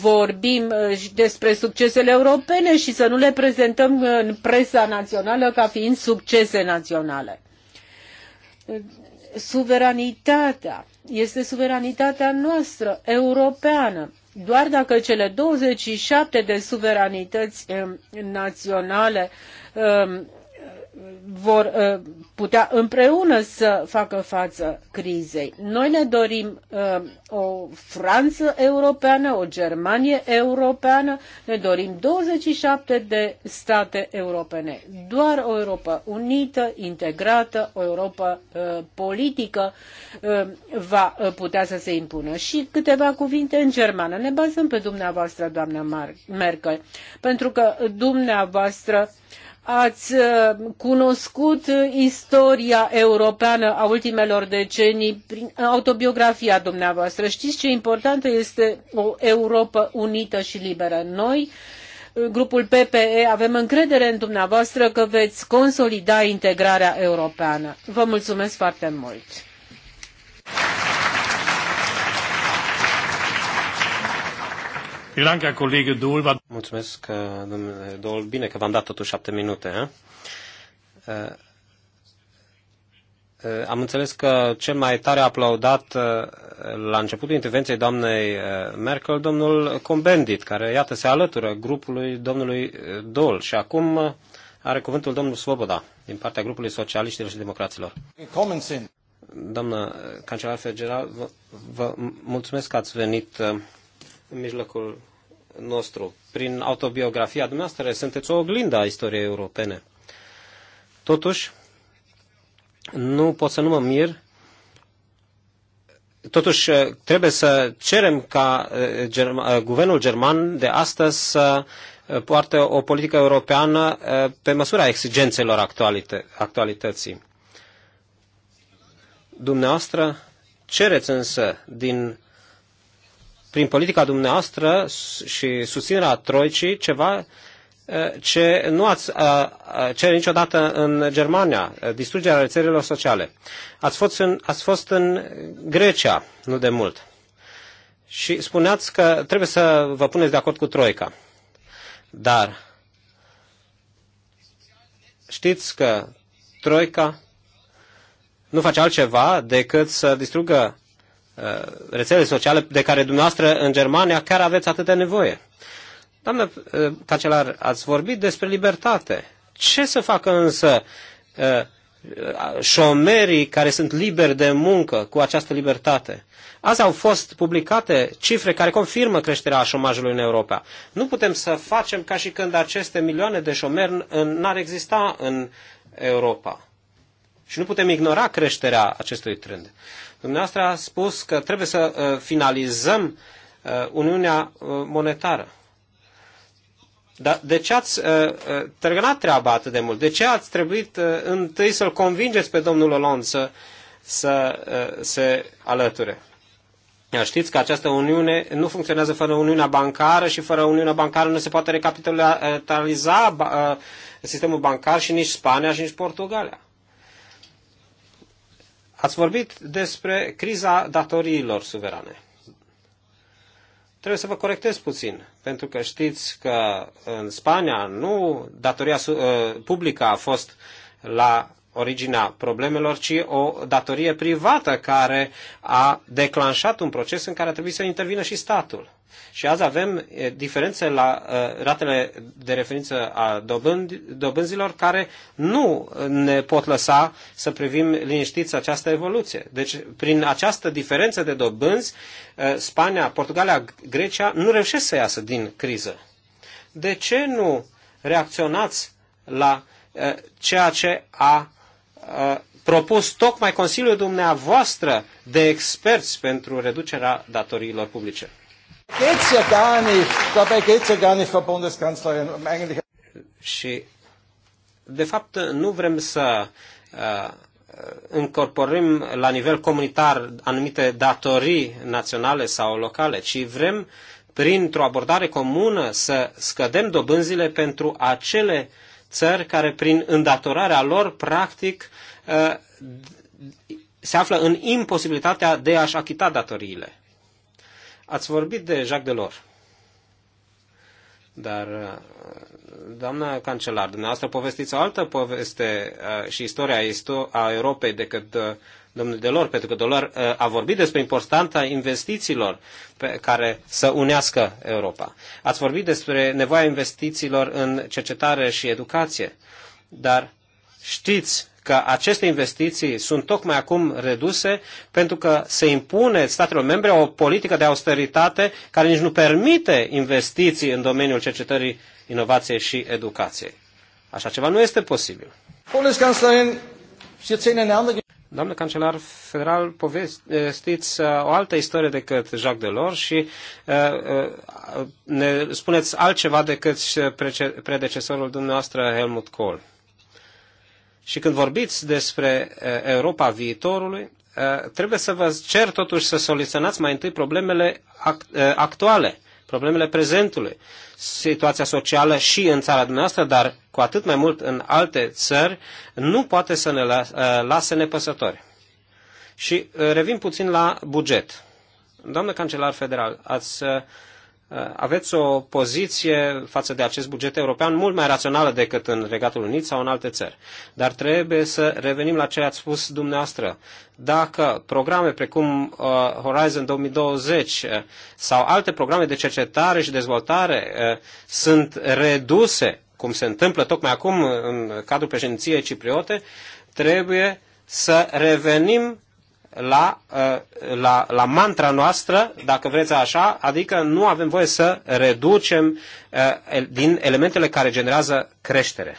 vorbim despre succesele europene și să nu le prezentăm în presa națională ca fiind succese naționale suveranitatea. Este suveranitatea noastră, europeană. Doar dacă cele 27 de suveranități eh, naționale eh, vor uh, putea împreună să facă față crizei. Noi ne dorim uh, o Franță europeană, o Germanie europeană, ne dorim 27 de state europene. Doar o Europa unită, integrată, o Europa uh, politică va putea să se impună. Și câteva cuvinte în germană. Ne bazăm pe dumneavoastră, doamna Merkel, pentru că dumneavoastră uh, ați uh, cunoscut istoria europeană a ultimelor decenii prin autobiografia dumneavoastră. Știți ce importantă este o Europa unită și liberă. Noi, uh, grupul PPE, avem încredere în dumneavoastră că veți consolida integrarea europeană. Vă mulțumesc foarte mult! Mulțumesc, uh, domnule Dol. Bine că v-am dat totuși șapte minute. Eh? Uh, uh, am înțeles că cel mai tare aplaudat la începutul intervenției doamnei Merkel, domnul Combendit, care, iată, se alătură grupului domnului Dol. Și acum are cuvântul domnul Svoboda, din partea grupului socialiștilor și democraților. Doamnă cancelar federal, vă, vă mulțumesc că ați venit în mijlocul nostru. Prin autobiografia dumneavoastră sunteți o oglindă a istoriei europene. Totuși, nu pot să nu mă mir. Totuși, trebuie să cerem ca eh, eh, guvernul german de astăzi să eh, poartă o politică europeană pe măsura exigențelor actualită, actualității. Dumneavoastră cereți însă din prin politica dumneavoastră și susținerea Troicii ceva eh, ce nu ați eh, eh, cere niciodată în Germania, distrugerea rețelelor sociale. Ați fost în, ați fost în Grecia nu de mult și spuneați că trebuie să vă puneți de acord cu Troica. Dar știți că Troica nu face altceva decât să distrugă rețele sociale de care dumneavoastră în Germania chiar aveți atâta nevoie. Doamnă cancelar, ați vorbit despre libertate. Ce să facă însă șomerii care sunt liberi de muncă cu această libertate? Azi au fost publicate cifre care confirmă creșterea șomajului în Europa. Nu putem să facem ca și când aceste milioane de șomeri n-ar exista în Europa. Și nu putem ignora creșterea acestui trend. Dumneavoastră a spus că trebuie să uh, finalizăm uh, Uniunea uh, Monetară. Dar de ce ați terminat treaba atât de mult? De ce ați trebuit întâi să-l convingeți pe domnul Hollande să, să se alăture? Știți că această uniune nu funcționează fără uniunea bancară și fără uniunea bancară nu se poate recapitaliza sistemul bancar și nici Spania și nici Portugalia. Ați vorbit despre criza datoriilor suverane. Trebuie să vă corectez puțin, pentru că știți că în Spania nu datoria ă, publică a fost la originea problemelor, ci o datorie privată care a declanșat un proces în care a trebuit să intervină și statul. Și azi avem diferențe la ratele de referință a dobânzilor care nu ne pot lăsa să privim liniștiți această evoluție. Deci, prin această diferență de dobânzi, Spania, Portugalia, Grecia nu reușesc să iasă din criză. De ce nu reacționați la ceea ce a propus tocmai Consiliul dumneavoastră de experți pentru reducerea datoriilor publice? Geht's ja gar nicht. Dabei geht's ja gar nicht, Frau Bundeskanzlerin. Eigentlich... Și, de fapt, nu vrem să uh, încorporăm la nivel comunitar anumite datorii naționale sau locale, ci vrem, printr-o abordare comună, să scădem dobânzile pentru acele țări care, prin îndatorarea lor, practic, uh, se află în imposibilitatea de a-și achita datoriile. Ați vorbit de Jacques Delors. Dar, uh, doamna cancelar, dumneavoastră povestiți o altă poveste uh, și istoria a Europei decât uh, domnul Delors, pentru că Delors a vorbit despre importanța investițiilor pe care să unească Europa. Ați vorbit despre nevoia investițiilor în cercetare și educație, dar știți că aceste investiții sunt tocmai acum reduse pentru că se impune statelor membre o politică de austeritate care nici nu permite investiții în domeniul cercetării, inovației și educației. Așa ceva nu este posibil. Doamnă cancelar federal, povestiți uh, o altă istorie decât Jacques Delors și uh, uh, ne spuneți altceva decât predecesorul dumneavoastră Helmut Kohl. Și când vorbiți despre Europa viitorului, trebuie să vă cer totuși să soluționați mai întâi problemele actuale, problemele prezentului, situația socială și în țara dumneavoastră, dar cu atât mai mult în alte țări, nu poate să ne lase nepăsători. Și revin puțin la buget. Doamnă cancelar federal, ați Uh, aveți o poziție față de acest buget european mult mai rațională decât în Regatul Unit sau în alte țări. Dar trebuie să revenim la ce ați spus dumneavoastră. Dacă programe precum uh, Horizon 2020 uh, sau alte programe de cercetare și dezvoltare sunt reduse, cum se întâmplă tocmai acum în cadrul președinției cipriote, trebuie să revenim la, uh, la, la mantra noastră, dacă vreți așa, adică nu avem voie să reducem uh, din elementele care generează creștere.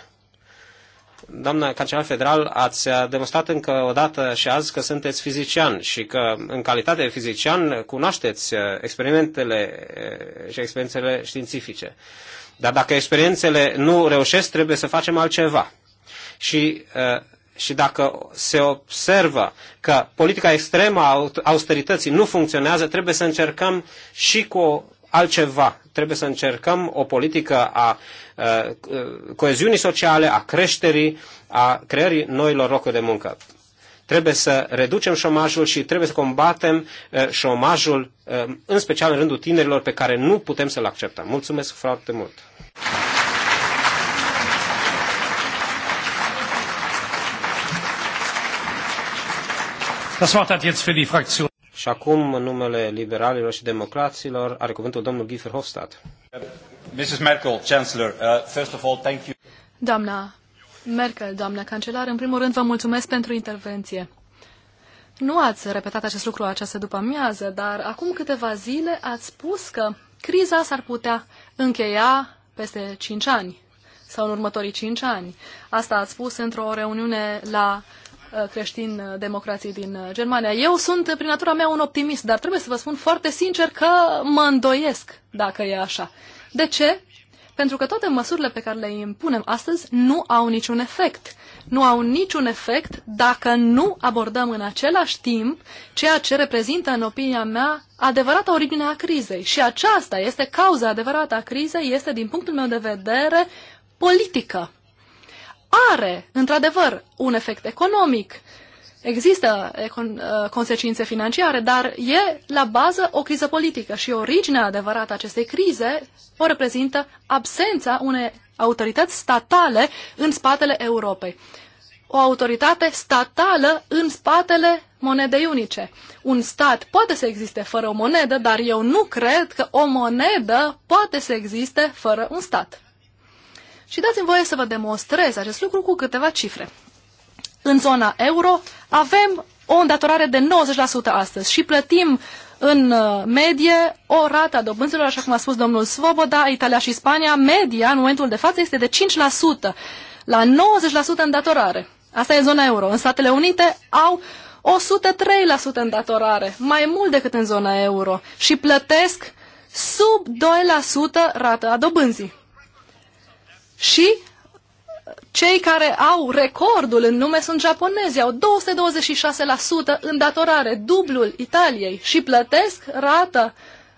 Doamna cancelar federal, ați uh, demonstrat încă o dată și azi că sunteți fizician și că în calitate de fizician cunoașteți experimentele și experiențele științifice. Dar dacă experiențele nu reușesc, trebuie să facem altceva. Și uh, și dacă se observă că politica extremă a austerității nu funcționează, trebuie să încercăm și cu altceva. Trebuie să încercăm o politică a uh, coeziunii sociale, a creșterii, a creării noilor locuri de muncă. Trebuie să reducem șomajul și trebuie să combatem uh, șomajul, uh, în special în rândul tinerilor, pe care nu putem să-l acceptăm. Mulțumesc foarte mult! Das Wort hat jetzt für die Fraktion. Și acum, în numele liberalilor și democraților, are cuvântul domnul Guy Verhofstadt. Mrs. Merkel, Chancellor, uh, first of all, thank you. Doamna Merkel, doamna cancelar, în primul rând vă mulțumesc pentru intervenție. Nu ați repetat acest lucru această după amiază, dar acum câteva zile ați spus că criza s-ar putea încheia peste cinci ani sau în următorii cinci ani. Asta ați spus într-o reuniune la Uh, creștin-democrații uh, din uh, Germania. Eu sunt, prin natura mea, un optimist, dar trebuie să vă spun foarte sincer că mă îndoiesc dacă e așa. De ce? Pentru că toate măsurile pe care le impunem astăzi nu au niciun efect. Nu au niciun efect dacă nu abordăm în același timp ceea ce reprezintă, în opinia mea, adevărata origine a crizei. Și aceasta este cauza adevărată a crizei, este, din punctul meu de vedere, politică are, într-adevăr, un efect economic. Există econ- uh, consecințe financiare, dar e la bază o criză politică și originea adevărată a acestei crize o reprezintă absența unei autorități statale în spatele Europei. O autoritate statală în spatele monedei unice. Un stat poate să existe fără o monedă, dar eu nu cred că o monedă poate să existe fără un stat. Și dați-mi voie să vă demonstrez acest lucru cu câteva cifre. În zona euro avem o îndatorare de 90% astăzi și plătim în uh, medie o rată a dobânzilor, așa cum a spus domnul Svoboda, Italia și Spania, media în momentul de față este de 5%, la 90% îndatorare. Asta e zona euro. În Statele Unite au 103% îndatorare, mai mult decât în zona euro și plătesc sub 2% rată a dobânzii. Și cei care au recordul în nume sunt japonezii, au 226% îndatorare, dublul Italiei și plătesc rată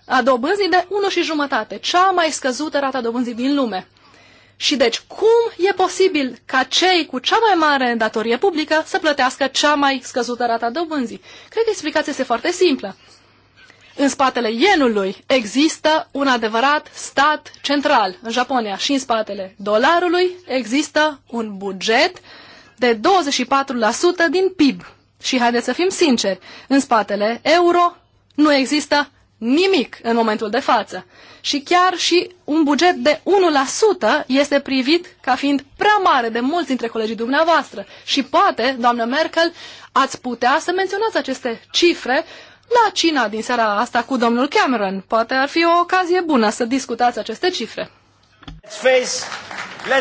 a dobânzii de 1 și jumătate, cea mai scăzută rata dobânzii din lume. Și deci, cum e posibil ca cei cu cea mai mare datorie publică să plătească cea mai scăzută rata dobânzii? Cred că explicația este foarte simplă în spatele yenului există un adevărat stat central în Japonia și în spatele dolarului există un buget de 24% din PIB. Și haideți să fim sinceri, în spatele euro nu există nimic în momentul de față. Și chiar și un buget de 1% este privit ca fiind prea mare de mulți dintre colegii dumneavoastră. Și poate, doamnă Merkel, ați putea să menționați aceste cifre la cina din seara asta cu domnul Cameron. Poate ar fi o ocazie bună să discutați aceste cifre. Let's face,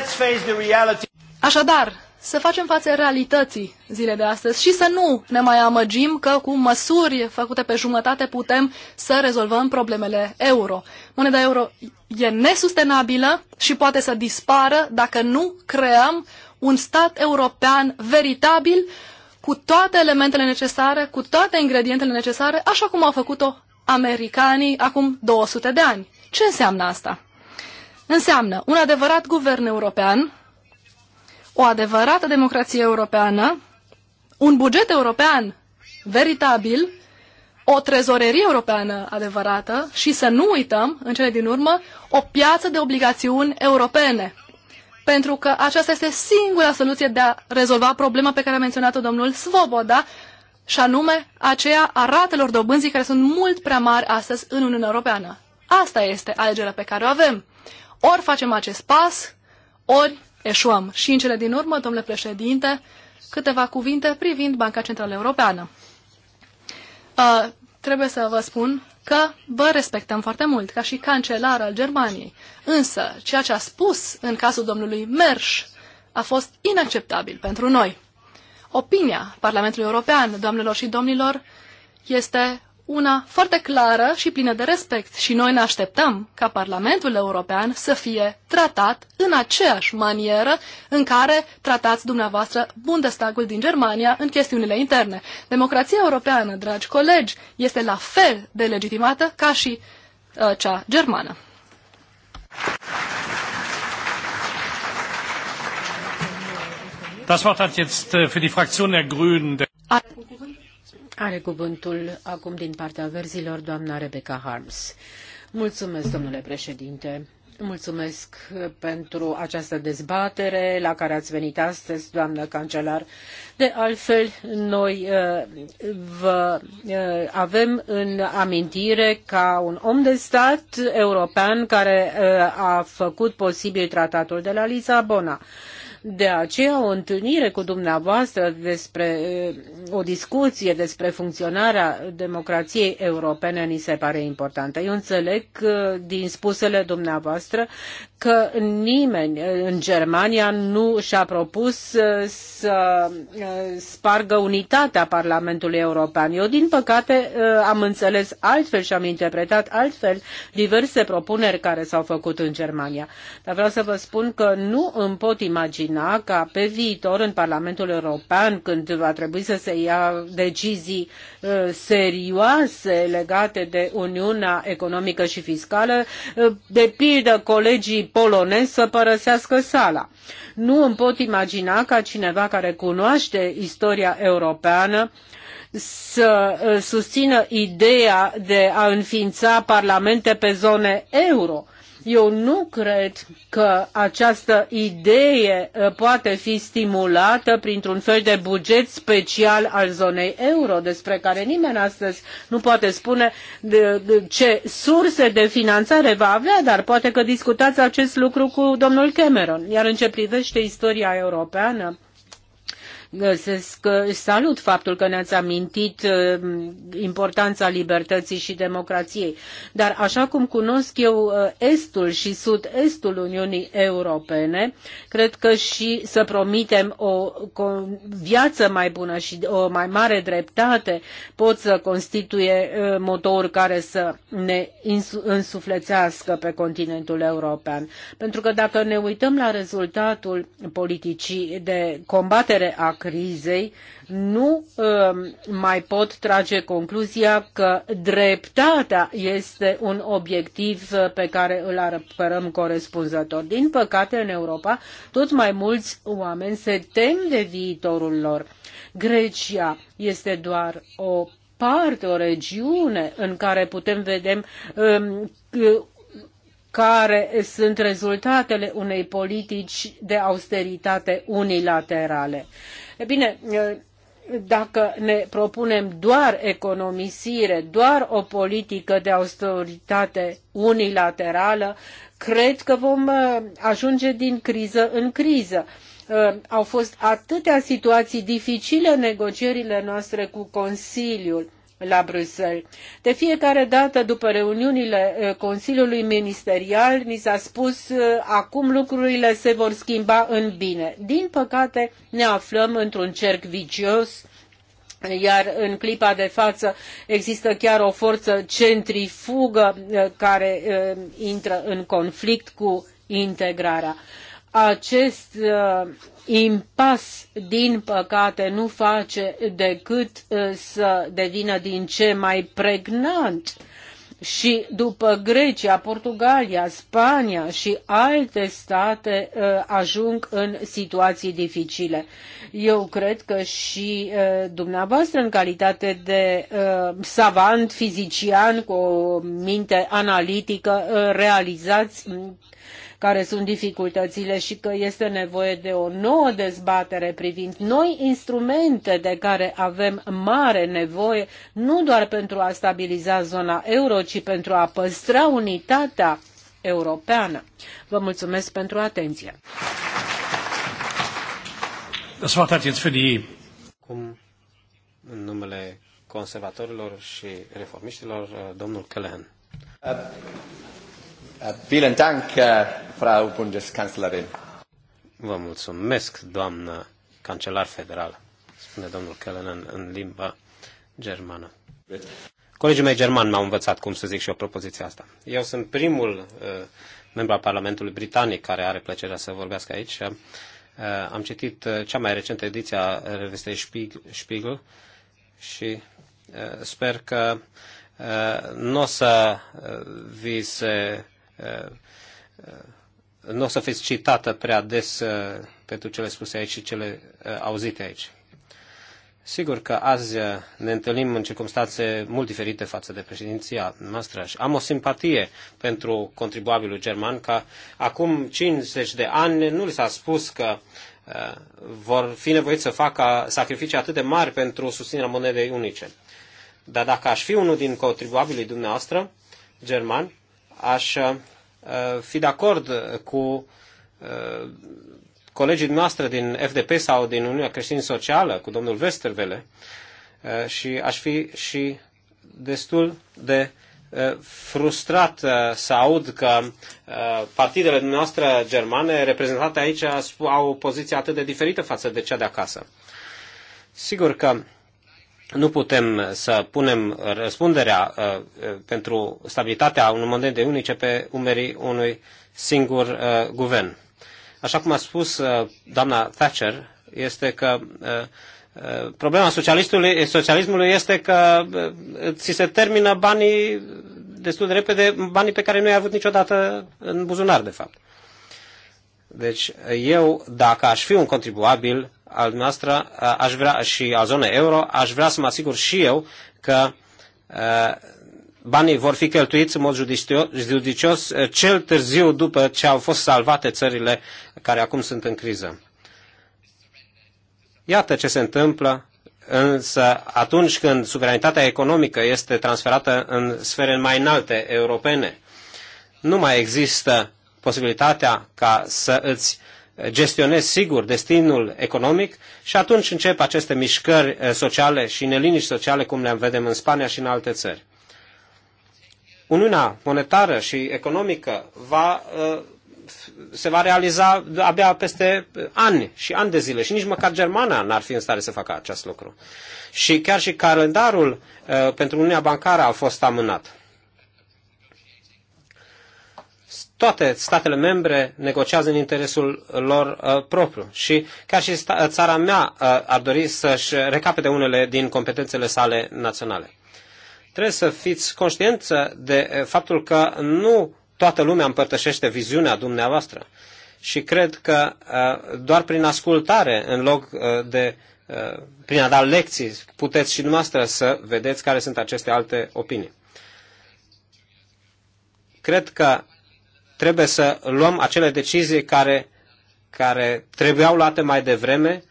let's face the reality. Așadar, să facem față realității zile de astăzi și să nu ne mai amăgim că cu măsuri făcute pe jumătate putem să rezolvăm problemele euro. Moneda euro e nesustenabilă și poate să dispară dacă nu creăm un stat european veritabil cu toate elementele necesare, cu toate ingredientele necesare, așa cum au făcut-o americanii acum 200 de ani. Ce înseamnă asta? Înseamnă un adevărat guvern european, o adevărată democrație europeană, un buget european veritabil, o trezorerie europeană adevărată și să nu uităm, în cele din urmă, o piață de obligațiuni europene, pentru că aceasta este singura soluție de a rezolva problema pe care a menționat-o domnul Svoboda, și anume aceea a ratelor dobânzii care sunt mult prea mari astăzi în Uniunea Europeană. Asta este alegerea pe care o avem. Ori facem acest pas, ori eșuăm. Și în cele din urmă, domnule președinte, câteva cuvinte privind Banca Centrală Europeană. Uh, trebuie să vă spun că vă respectăm foarte mult, ca și cancelar al Germaniei. Însă, ceea ce a spus în cazul domnului Mersch a fost inacceptabil pentru noi. Opinia Parlamentului European, doamnelor și domnilor, este una foarte clară și plină de respect și noi ne așteptăm ca Parlamentul European să fie tratat în aceeași manieră în care tratați dumneavoastră Bundestagul din Germania în chestiunile interne. Democrația europeană, dragi colegi, este la fel de legitimată ca și uh, cea germană. Das Wort hat jetzt äh, für die Fraktion der Grünen are cuvântul acum din partea verzilor doamna Rebecca Harms. Mulțumesc, domnule președinte. Mulțumesc pentru această dezbatere la care ați venit astăzi, doamnă cancelar. De altfel, noi uh, vă uh, avem în amintire ca un om de stat european care uh, a făcut posibil tratatul de la Lisabona de aceea o întâlnire cu dumneavoastră despre o discuție despre funcționarea democrației europene ni se pare importantă. Eu înțeleg din spusele dumneavoastră că nimeni în Germania nu și-a propus uh, să uh, spargă unitatea Parlamentului European. Eu, din păcate, uh, am înțeles altfel și am interpretat altfel diverse propuneri care s-au făcut în Germania. Dar vreau să vă spun că nu îmi pot imagina ca pe viitor în Parlamentul European, când va trebui să se ia decizii serioase legate de Uniunea Economică și Fiscală, de pildă colegii polonez să părăsească sala. Nu îmi pot imagina ca cineva care cunoaște istoria europeană să uh, susțină ideea de a înființa parlamente pe zone euro eu nu cred că această idee uh, poate fi stimulată printr-un fel de buget special al zonei euro, despre care nimeni astăzi nu poate spune de, de, ce surse de finanțare va avea, dar poate că discutați acest lucru cu domnul Cameron. Iar în ce privește istoria europeană, Găsesc, salut faptul că ne-ați amintit uh, importanța libertății și democrației. Dar așa cum cunosc eu uh, estul și sud-estul Uniunii Europene, cred că și să promitem o viață mai bună și o mai mare dreptate pot să constituie uh, motouri care să ne însuflețească pe continentul european. Pentru că dacă ne uităm la rezultatul politicii de combatere a crizei, nu um, mai pot trage concluzia că dreptatea este un obiectiv uh, pe care îl arăpărăm corespunzător. Din păcate, în Europa, tot mai mulți oameni se tem de viitorul lor. Grecia este doar o parte, o regiune în care putem vedem um, care sunt rezultatele unei politici de austeritate unilaterale. E bine, dacă ne propunem doar economisire, doar o politică de austeritate unilaterală, cred că vom ajunge din criză în criză. Au fost atâtea situații dificile în negocierile noastre cu Consiliul la Bruxelles. De fiecare dată după reuniunile uh, Consiliului Ministerial ni s-a spus uh, acum lucrurile se vor schimba în bine. Din păcate ne aflăm într-un cerc vicios iar în clipa de față există chiar o forță centrifugă uh, care intră în conflict cu integrarea acest uh, impas, din păcate, nu face decât uh, să devină din ce mai pregnant și după Grecia, Portugalia, Spania și alte state uh, ajung în situații dificile. Eu cred că și uh, dumneavoastră, în calitate de uh, savant fizician cu o minte analitică, uh, realizați care sunt dificultățile și că este nevoie de o nouă dezbatere privind noi instrumente de care avem mare nevoie, nu doar pentru a stabiliza zona euro, ci pentru a păstra unitatea europeană. Vă mulțumesc pentru atenție. Das Wort hat jetzt für die Cum în numele conservatorilor și reformiștilor, domnul Callahan. Eh, vielen Dank, eh, Frau Bundeskanzlerin. Vă mulțumesc, doamnă cancelar federal, spune domnul Kellen în limba germană. Colegii mei germani m-au învățat cum să zic și o propoziție asta. Eu sunt primul uh, membru al Parlamentului Britanic care are plăcerea să vorbească aici. Uh, am citit uh, cea mai recentă ediție a revistei Spiegel, Spiegel și uh, sper că uh, nu o să vi se Uh, uh, nu o să fiți citată prea des uh, pentru cele spuse aici și cele auzite aici. Sigur că azi ne întâlnim în circunstanțe mult diferite față de președinția noastră și am o simpatie pentru contribuabilul german că acum 50 de ani nu li s-a spus că vor fi nevoiți să facă sacrificii atât de mari pentru susținerea monedei unice. Dar dacă aș fi unul din contribuabilii dumneavoastră, german, aș uh, fi de acord cu uh, colegii noastre din FDP sau din Uniunea Creștină Socială, cu domnul Westervele, uh, și aș fi și destul de frustrat să aud că partidele noastre germane reprezentate aici au o poziție atât de diferită față de cea de acasă. Sigur că nu putem să punem răspunderea uh, uh, pentru stabilitatea unui de unice pe umerii unui singur uh, guvern. Așa cum a spus doamna Thatcher, este că problema socialistului, socialismului este că ți se termină banii destul de repede, banii pe care nu i-ai avut niciodată în buzunar, de fapt. Deci eu, dacă aș fi un contribuabil, al noastră, aș vrea, și a zonei euro, aș vrea să mă asigur și eu că banii vor fi cheltuiți în mod judicios cel târziu după ce au fost salvate țările care acum sunt în criză. Iată ce se întâmplă, însă atunci când suveranitatea economică este transferată în sfere mai înalte europene, nu mai există posibilitatea ca să îți uh, gestionezi sigur destinul economic și atunci încep aceste mișcări eh, sociale și neliniști sociale cum le vedem în Spania și în alte țări. Uniunea monetară și economică va, eh, se va realiza abia peste ani și ani de zile și nici măcar Germania n-ar fi în stare să facă acest lucru. Și chiar și calendarul eh, pentru Uniunea Bancară a fost amânat. toate statele membre negociază în interesul lor uh, propriu și chiar și sta- uh, țara mea uh, ar dori să-și recapete unele din competențele sale naționale. Trebuie să fiți conștienți de uh, faptul că nu toată lumea împărtășește viziunea dumneavoastră și cred că uh, doar prin ascultare, în loc uh, de uh, prin a da lecții, puteți și dumneavoastră să vedeți care sunt aceste alte opinii. Cred că trebuie să luăm acele decizii care, care trebuiau luate mai devreme,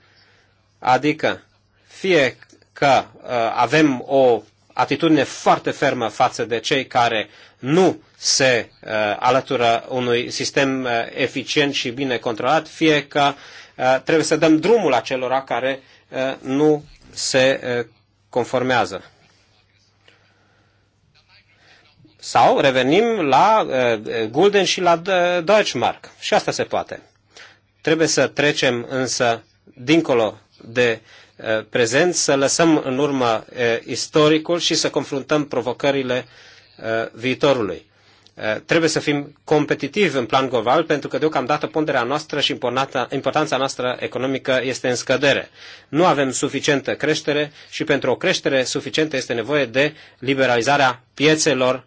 adică fie că uh, avem o atitudine foarte fermă față de cei care nu se uh, alătură unui sistem uh, eficient și bine controlat, fie că uh, trebuie să dăm drumul acelora care uh, nu se uh, conformează. Sau revenim la eh, Gulden și la eh, Deutschmark. Și asta se poate. Trebuie să trecem însă dincolo de eh, prezent, să lăsăm în urmă istoricul și să confruntăm provocările viitorului. Trebuie să fim competitivi în plan global, pentru că deocamdată ponderea noastră și importanța noastră economică este în scădere. Nu avem suficientă creștere și pentru o creștere suficientă este nevoie de liberalizarea piețelor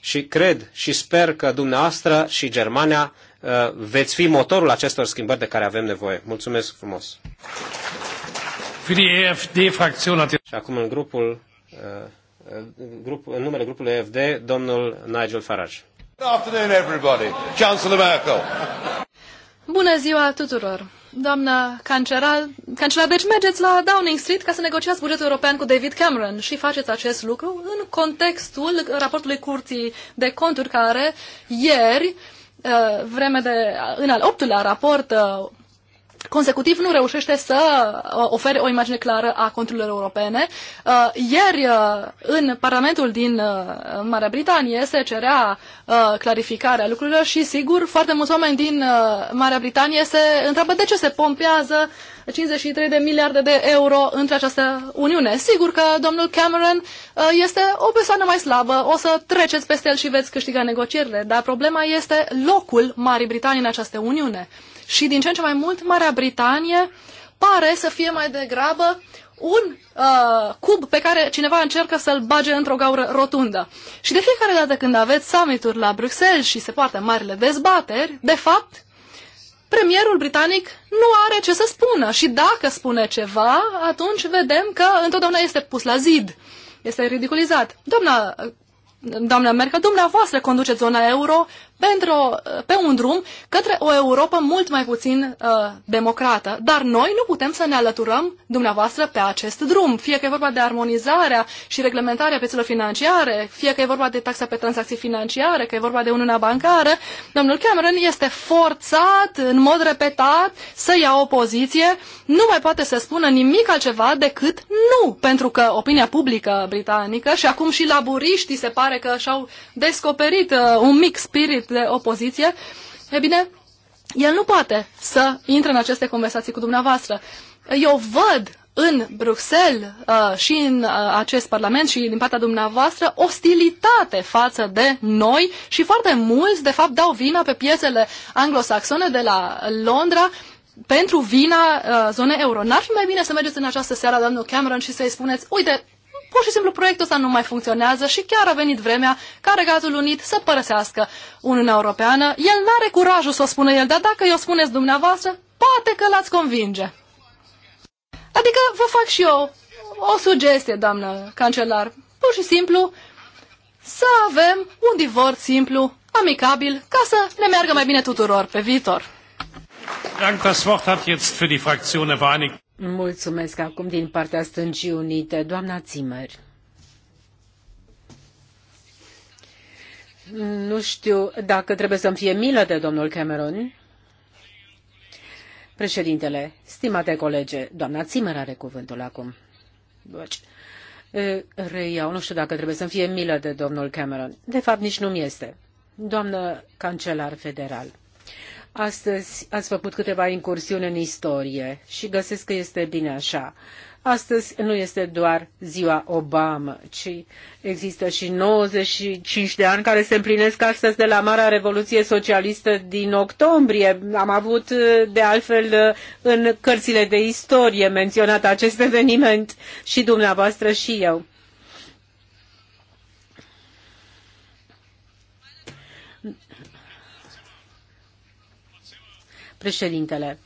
și cred și sper că dumneavoastră și Germania uh, veți fi motorul acestor schimbări de care avem nevoie. Mulțumesc frumos! Și acum în grupul uh, grup, în numele grupului EFD, domnul Nigel Farage. Good afternoon, everybody. Chancellor Merkel. Bună ziua tuturor! doamna canceral, cancelar, deci mergeți la Downing Street ca să negociați bugetul european cu David Cameron și faceți acest lucru în contextul raportului Curții de Conturi care ieri, uh, vreme de, în al optulea raport uh, consecutiv nu reușește să uh, ofere o imagine clară a conturilor europene. Uh, ieri, uh, în Parlamentul din Marea Britanie se cerea clarificarea lucrurilor și, sigur, foarte mulți oameni din Marea Britanie se întreabă de ce se pompează 53 de miliarde de euro între această Uniune. Sigur că domnul Cameron este o persoană mai slabă, o să treceți peste el și veți câștiga negocierile, dar problema este locul Marii Britanii în această Uniune și din ce în ce mai mult Marea Britanie pare să fie mai degrabă un uh, cub pe care cineva încercă să-l bage într-o gaură rotundă. Și de fiecare dată când aveți summituri la Bruxelles și se poartă marile dezbateri, de fapt, premierul britanic nu are ce să spună și dacă spune ceva, atunci vedem că întotdeauna este pus la zid, este ridiculizat. Doamna, uh, doamna Merkel, dumneavoastră conduceți zona euro, pentru, pe un drum către o Europa mult mai puțin uh, democrată. Dar noi nu putem să ne alăturăm dumneavoastră pe acest drum, fie că e vorba de armonizarea și reglementarea piețelor financiare, fie că e vorba de taxa pe tranzacții financiare, că e vorba de Uniunea Bancară. Domnul Cameron este forțat în mod repetat să ia o poziție, nu mai poate să spună nimic altceva decât nu, pentru că opinia publică britanică și acum și laburiștii se pare că și-au descoperit uh, un mic spirit de opoziție, e bine, el nu poate să intre în aceste conversații cu dumneavoastră. Eu văd în Bruxelles uh, și în uh, acest Parlament și din partea dumneavoastră ostilitate față de noi și foarte mulți, de fapt, dau vina pe piețele anglosaxone de la Londra pentru vina uh, zonei euro. N-ar fi mai bine să mergeți în această seară, domnul Cameron, și să-i spuneți, uite, pur și simplu proiectul ăsta nu mai funcționează și chiar a venit vremea ca Regatul Unit să părăsească Uniunea Europeană. El nu are curajul să o spună el, dar dacă i-o spuneți dumneavoastră, poate că l-ați convinge. Adică vă fac și eu o sugestie, doamnă cancelar. Pur și simplu să avem un divorț simplu, amicabil, ca să ne meargă mai bine tuturor pe viitor. Dank, das Wort hat jetzt für die Fraktion der Vereinigten Mulțumesc acum din partea Stâncii Unite, doamna Nu știu dacă trebuie să-mi fie milă de domnul Cameron. Președintele, stimate colege, doamna Zimmer are cuvântul acum. Deci, reiau, nu știu dacă trebuie să-mi fie milă de domnul Cameron. De fapt, nici nu-mi este. Doamnă cancelar federal, Astăzi ați făcut câteva incursiuni în istorie și găsesc că este bine așa. Astăzi nu este doar ziua Obama, ci există și 95 de ani care se împlinesc astăzi de la Marea Revoluție Socialistă din octombrie. Am avut, uh, de altfel, uh, în cărțile de istorie menționat acest eveniment și dumneavoastră și eu. Președintele,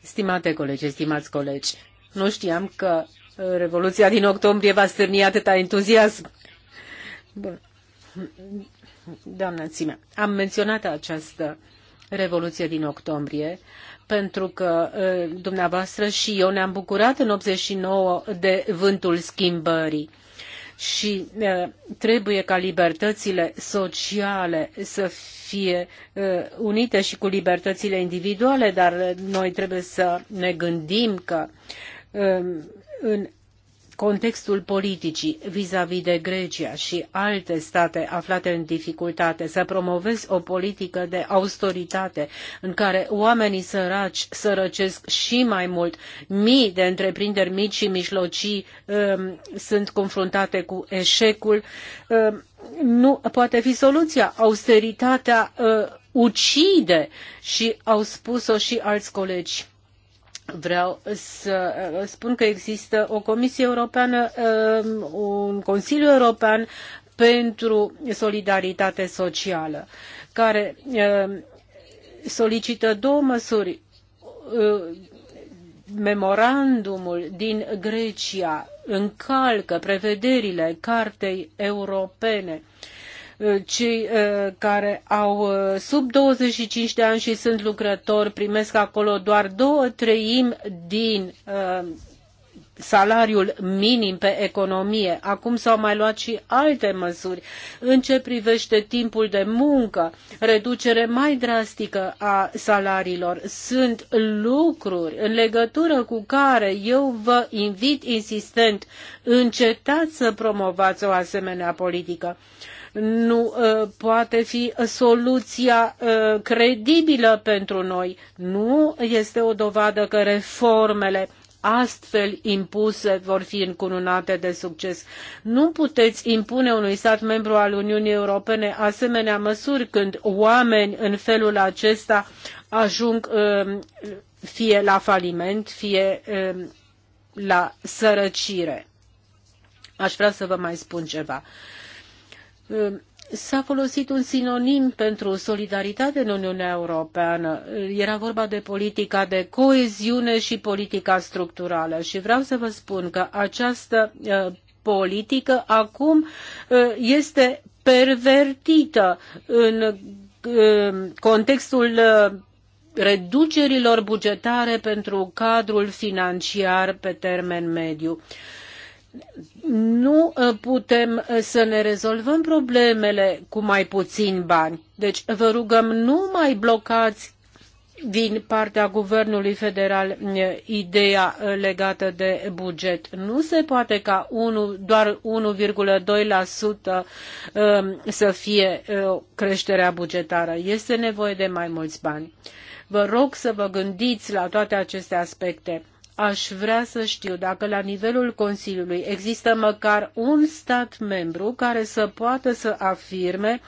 stimate colegi, stimați colegi, nu știam că uh, Revoluția din octombrie va stârni atâta entuziasm. Bun. Doamna Țime, am menționat această Revoluție din octombrie pentru că uh, dumneavoastră și eu ne-am bucurat în 89 de vântul schimbării și trebuie ca libertățile sociale să fie unite și cu libertățile individuale, dar noi trebuie să ne gândim că în contextul politicii vis-a-vis de Grecia și alte state aflate în dificultate, să promovezi o politică de austeritate în care oamenii săraci sărăcesc și mai mult. Mii de întreprinderi mici și mijlocii um, sunt confruntate cu eșecul. Um, nu poate fi soluția. Austeritatea uh, ucide și au spus-o și alți colegi vreau să uh, spun că există o Comisie Europeană, um, un Consiliu European pentru solidaritate socială, care um, solicită două măsuri uh, memorandumul din Grecia încalcă prevederile Cartei Europene cei eh, care au eh, sub 25 de ani și sunt lucrători primesc acolo doar două treimi din eh, salariul minim pe economie. Acum s-au mai luat și alte măsuri în ce privește timpul de muncă, reducere mai drastică a salariilor. Sunt lucruri în legătură cu care eu vă invit insistent, încetați să promovați o asemenea politică nu uh, poate fi soluția uh, credibilă pentru noi. Nu este o dovadă că reformele astfel impuse vor fi încununate de succes. Nu puteți impune unui stat membru al Uniunii Europene asemenea măsuri când oameni în felul acesta ajung uh, fie la faliment, fie um, la sărăcire. Aș vrea să vă mai spun ceva. Uh, Ehm, s-a folosit un sinonim pentru solidaritate în Uniunea Europeană. Era vorba de politica de coeziune și politica structurală. Și vreau să vă spun că această ehm, politică acum ehm, este pervertită în contextul reducerilor bugetare pentru cadrul financiar pe termen mediu nu uh, putem uh, să ne rezolvăm problemele cu mai puțin bani. Deci vă rugăm nu mai blocați din partea Guvernului Federal uh, ideea legată de buget. Nu se poate ca 1, doar 1,2% um, să fie creșterea bugetară. Este nevoie de mai mulți bani. Vă rog să vă gândiți la toate aceste aspecte aș vrea să știu dacă la nivelul Consiliului există măcar un stat membru care să poată să afirme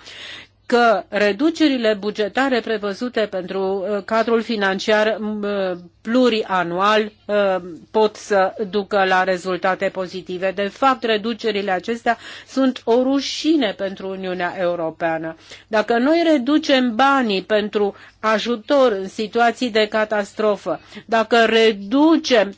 că reducerile bugetare prevăzute pentru uh, cadrul financiar uh, plurianual uh, pot să ducă la rezultate pozitive. De fapt, reducerile acestea sunt o rușine pentru Uniunea Europeană. Dacă noi reducem banii pentru ajutor în situații de catastrofă, dacă reducem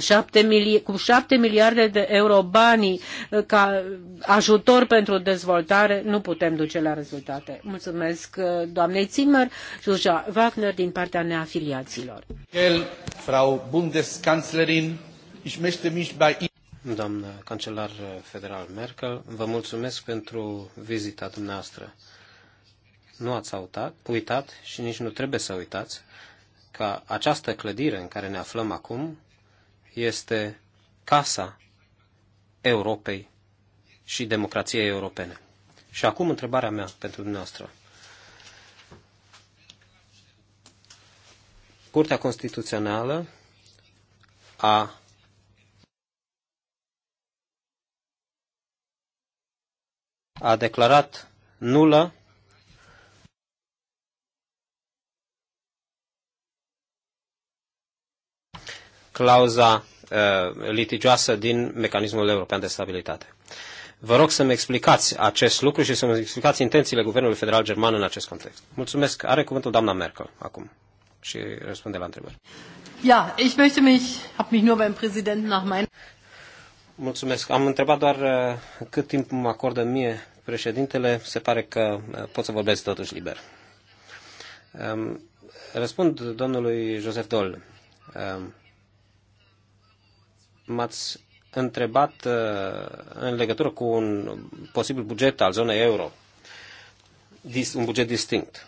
7 cu șapte miliarde de euro banii uh, ca ajutor pentru dezvoltare, nu putem duce la rezultate. Mulțumesc uh, doamnei Zimmer și Uja Wagner din partea neafiliaților. Frau Bundeskanzlerin, ich möchte mich bei Doamnă cancelar federal Merkel, vă mulțumesc pentru vizita dumneavoastră. Nu ați uitat, uitat și nici nu trebuie să uitați că această clădire în care ne aflăm acum este casa Europei și democrației europene. Și acum întrebarea mea pentru dumneavoastră. Curtea Constituțională a a declarat nulă clauza uh, litigioasă din mecanismul european de stabilitate. Vă rog să-mi explicați acest lucru și să-mi explicați intențiile Guvernului Federal German în acest context. Mulțumesc. Are cuvântul doamna Merkel acum și răspunde la întrebări. Ja, ich möchte mich, hab mich nur beim Präsidenten nach mein... Mulțumesc. Am întrebat doar uh, cât timp mă acordă mie președintele. Se pare că uh, pot să vorbesc totuși liber. Um, răspund domnului Joseph Dol m-ați întrebat uh, în legătură cu un posibil buget al zonei euro, un buget distinct.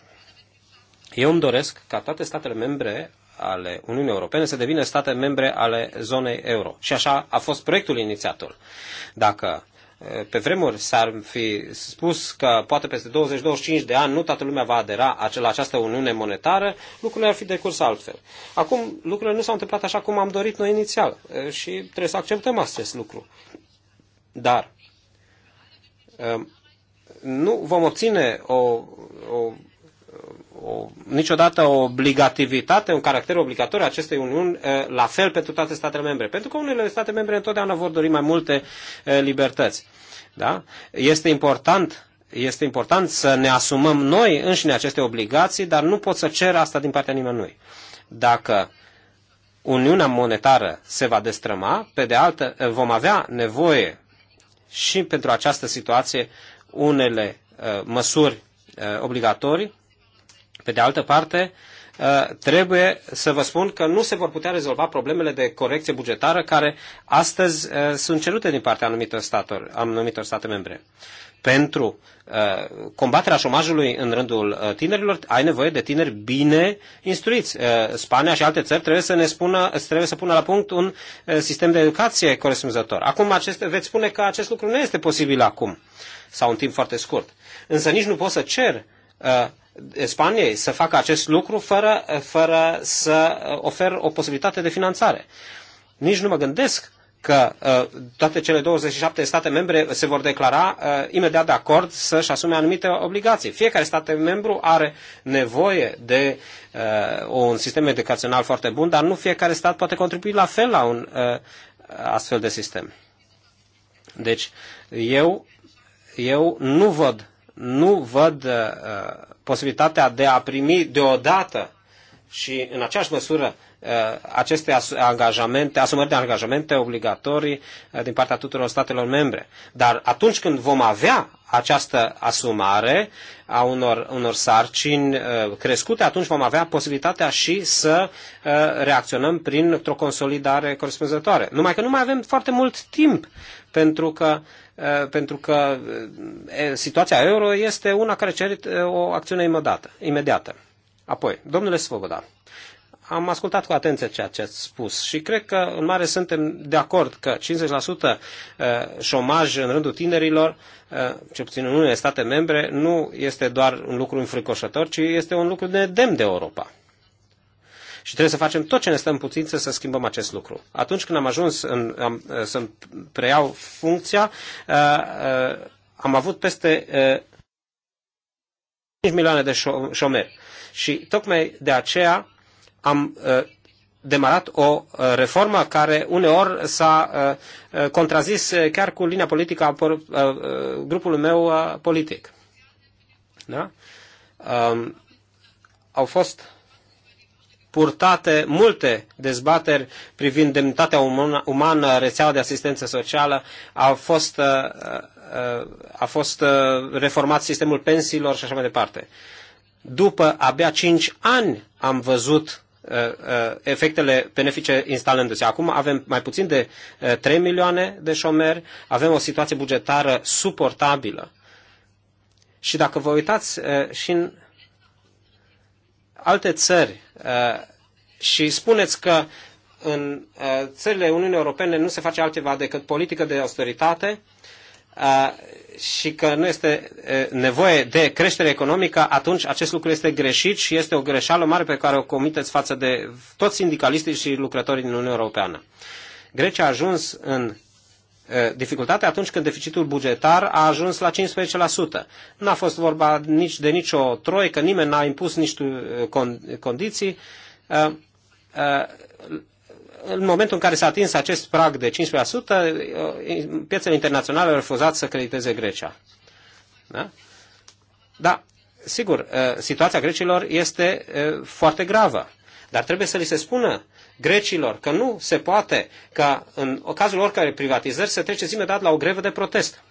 Eu îmi doresc ca toate statele membre ale Uniunii Europene să devină state membre ale zonei euro. Și așa a fost proiectul inițiator. Dacă pe vremuri s-ar fi spus că poate peste 20-25 de ani nu toată lumea va adera la această uniune monetară, lucrurile ar fi decurs altfel. Acum lucrurile nu s-au întâmplat așa cum am dorit noi inițial și trebuie să acceptăm acest lucru. Dar nu vom obține o, o o, niciodată o obligativitate, un caracter obligatoriu acestei uniuni la fel pentru toate statele membre. Pentru că unele state membre întotdeauna vor dori mai multe libertăți. Da? Este important este important să ne asumăm noi înșine aceste obligații, dar nu pot să cer asta din partea nimănui. Dacă Uniunea Monetară se va destrăma, pe de altă, vom avea nevoie și pentru această situație unele uh, măsuri uh, obligatorii, pe de altă parte, uh, trebuie să vă spun că nu se vor putea rezolva problemele de corecție bugetară care astăzi uh, sunt cerute din partea anumitor, stator, anumitor state membre. Pentru uh, combaterea șomajului în rândul tinerilor ai nevoie de tineri bine instruiți. Spania și alte țări trebuie să ne spună, trebuie să pună la punct un sistem de educație corespunzător. Acum acest, veți spune că acest lucru nu este posibil acum sau în timp foarte scurt. Însă nici nu pot să cer uh, Spaniei să facă acest lucru fără, fără să ofer o posibilitate de finanțare. Nici nu mă gândesc că uh, toate cele 27 state membre se vor declara uh, imediat de acord să-și asume anumite obligații. Fiecare stat membru are nevoie de uh, un sistem educațional foarte bun, dar nu fiecare stat poate contribui la fel la un uh, astfel de sistem. Deci, eu, eu nu văd nu văd uh, posibilitatea de a primi deodată și în aceeași măsură uh, aceste angajamente, asumări de angajamente obligatorii uh, din partea tuturor statelor membre. Dar atunci când vom avea această asumare a unor, unor sarcini crescute, atunci vom avea posibilitatea și să reacționăm printr-o consolidare corespunzătoare. Numai că nu mai avem foarte mult timp, pentru că uh, pentru că situația euro este una care cere o acțiune imediată. imediată. Apoi, domnule Svoboda, am ascultat cu atenție ceea ce ați spus și cred că în mare suntem de acord că 50% șomaj în rândul tinerilor, ce puțin în unele state membre, nu este doar un lucru înfricoșător, ci este un lucru de demn de Europa. Și trebuie să facem tot ce ne stă în putință să schimbăm acest lucru. Atunci când am ajuns în, am, uh, să preiau funcția, uh, uh, am avut peste uh, 5 milioane de șomeri. Și tocmai de aceea am uh, demarat o uh, reformă care uneori s-a uh, uh contrazis uh, chiar cu linia politică a por, grupului meu politic. Da? Um, au fost purtate multe dezbateri privind demnitatea umană, umană rețeaua de asistență socială, a fost, uh, uh, a fost uh, reformat sistemul pensiilor și așa mai departe. După abia 5 ani am văzut efectele benefice instalându-se. Acum avem mai puțin de 3 milioane de șomeri, avem o situație bugetară suportabilă. Și dacă vă uitați și în alte țări uh, și spuneți că în uh, țările Uniunii Europene nu se face altceva decât politică de austeritate uh, și că nu este nevoie de creștere economică, atunci acest lucru este greșit și este o greșeală mare pe care o comiteți față de toți sindicaliștii și lucrătorii din Uniunea Europeană. Grecia a ajuns în dificultate atunci când deficitul bugetar a ajuns la 15%. N-a fost vorba nici de nicio troică, nimeni n-a impus nici condiții. În momentul în care s-a atins acest prag de 15%, piețele internaționale au refuzat să crediteze Grecia. Da? Da, sigur, situația grecilor este foarte gravă, dar trebuie să li se spună grecilor că nu se poate ca în cazul oricare privatizări să treceți imediat la o grevă de protest.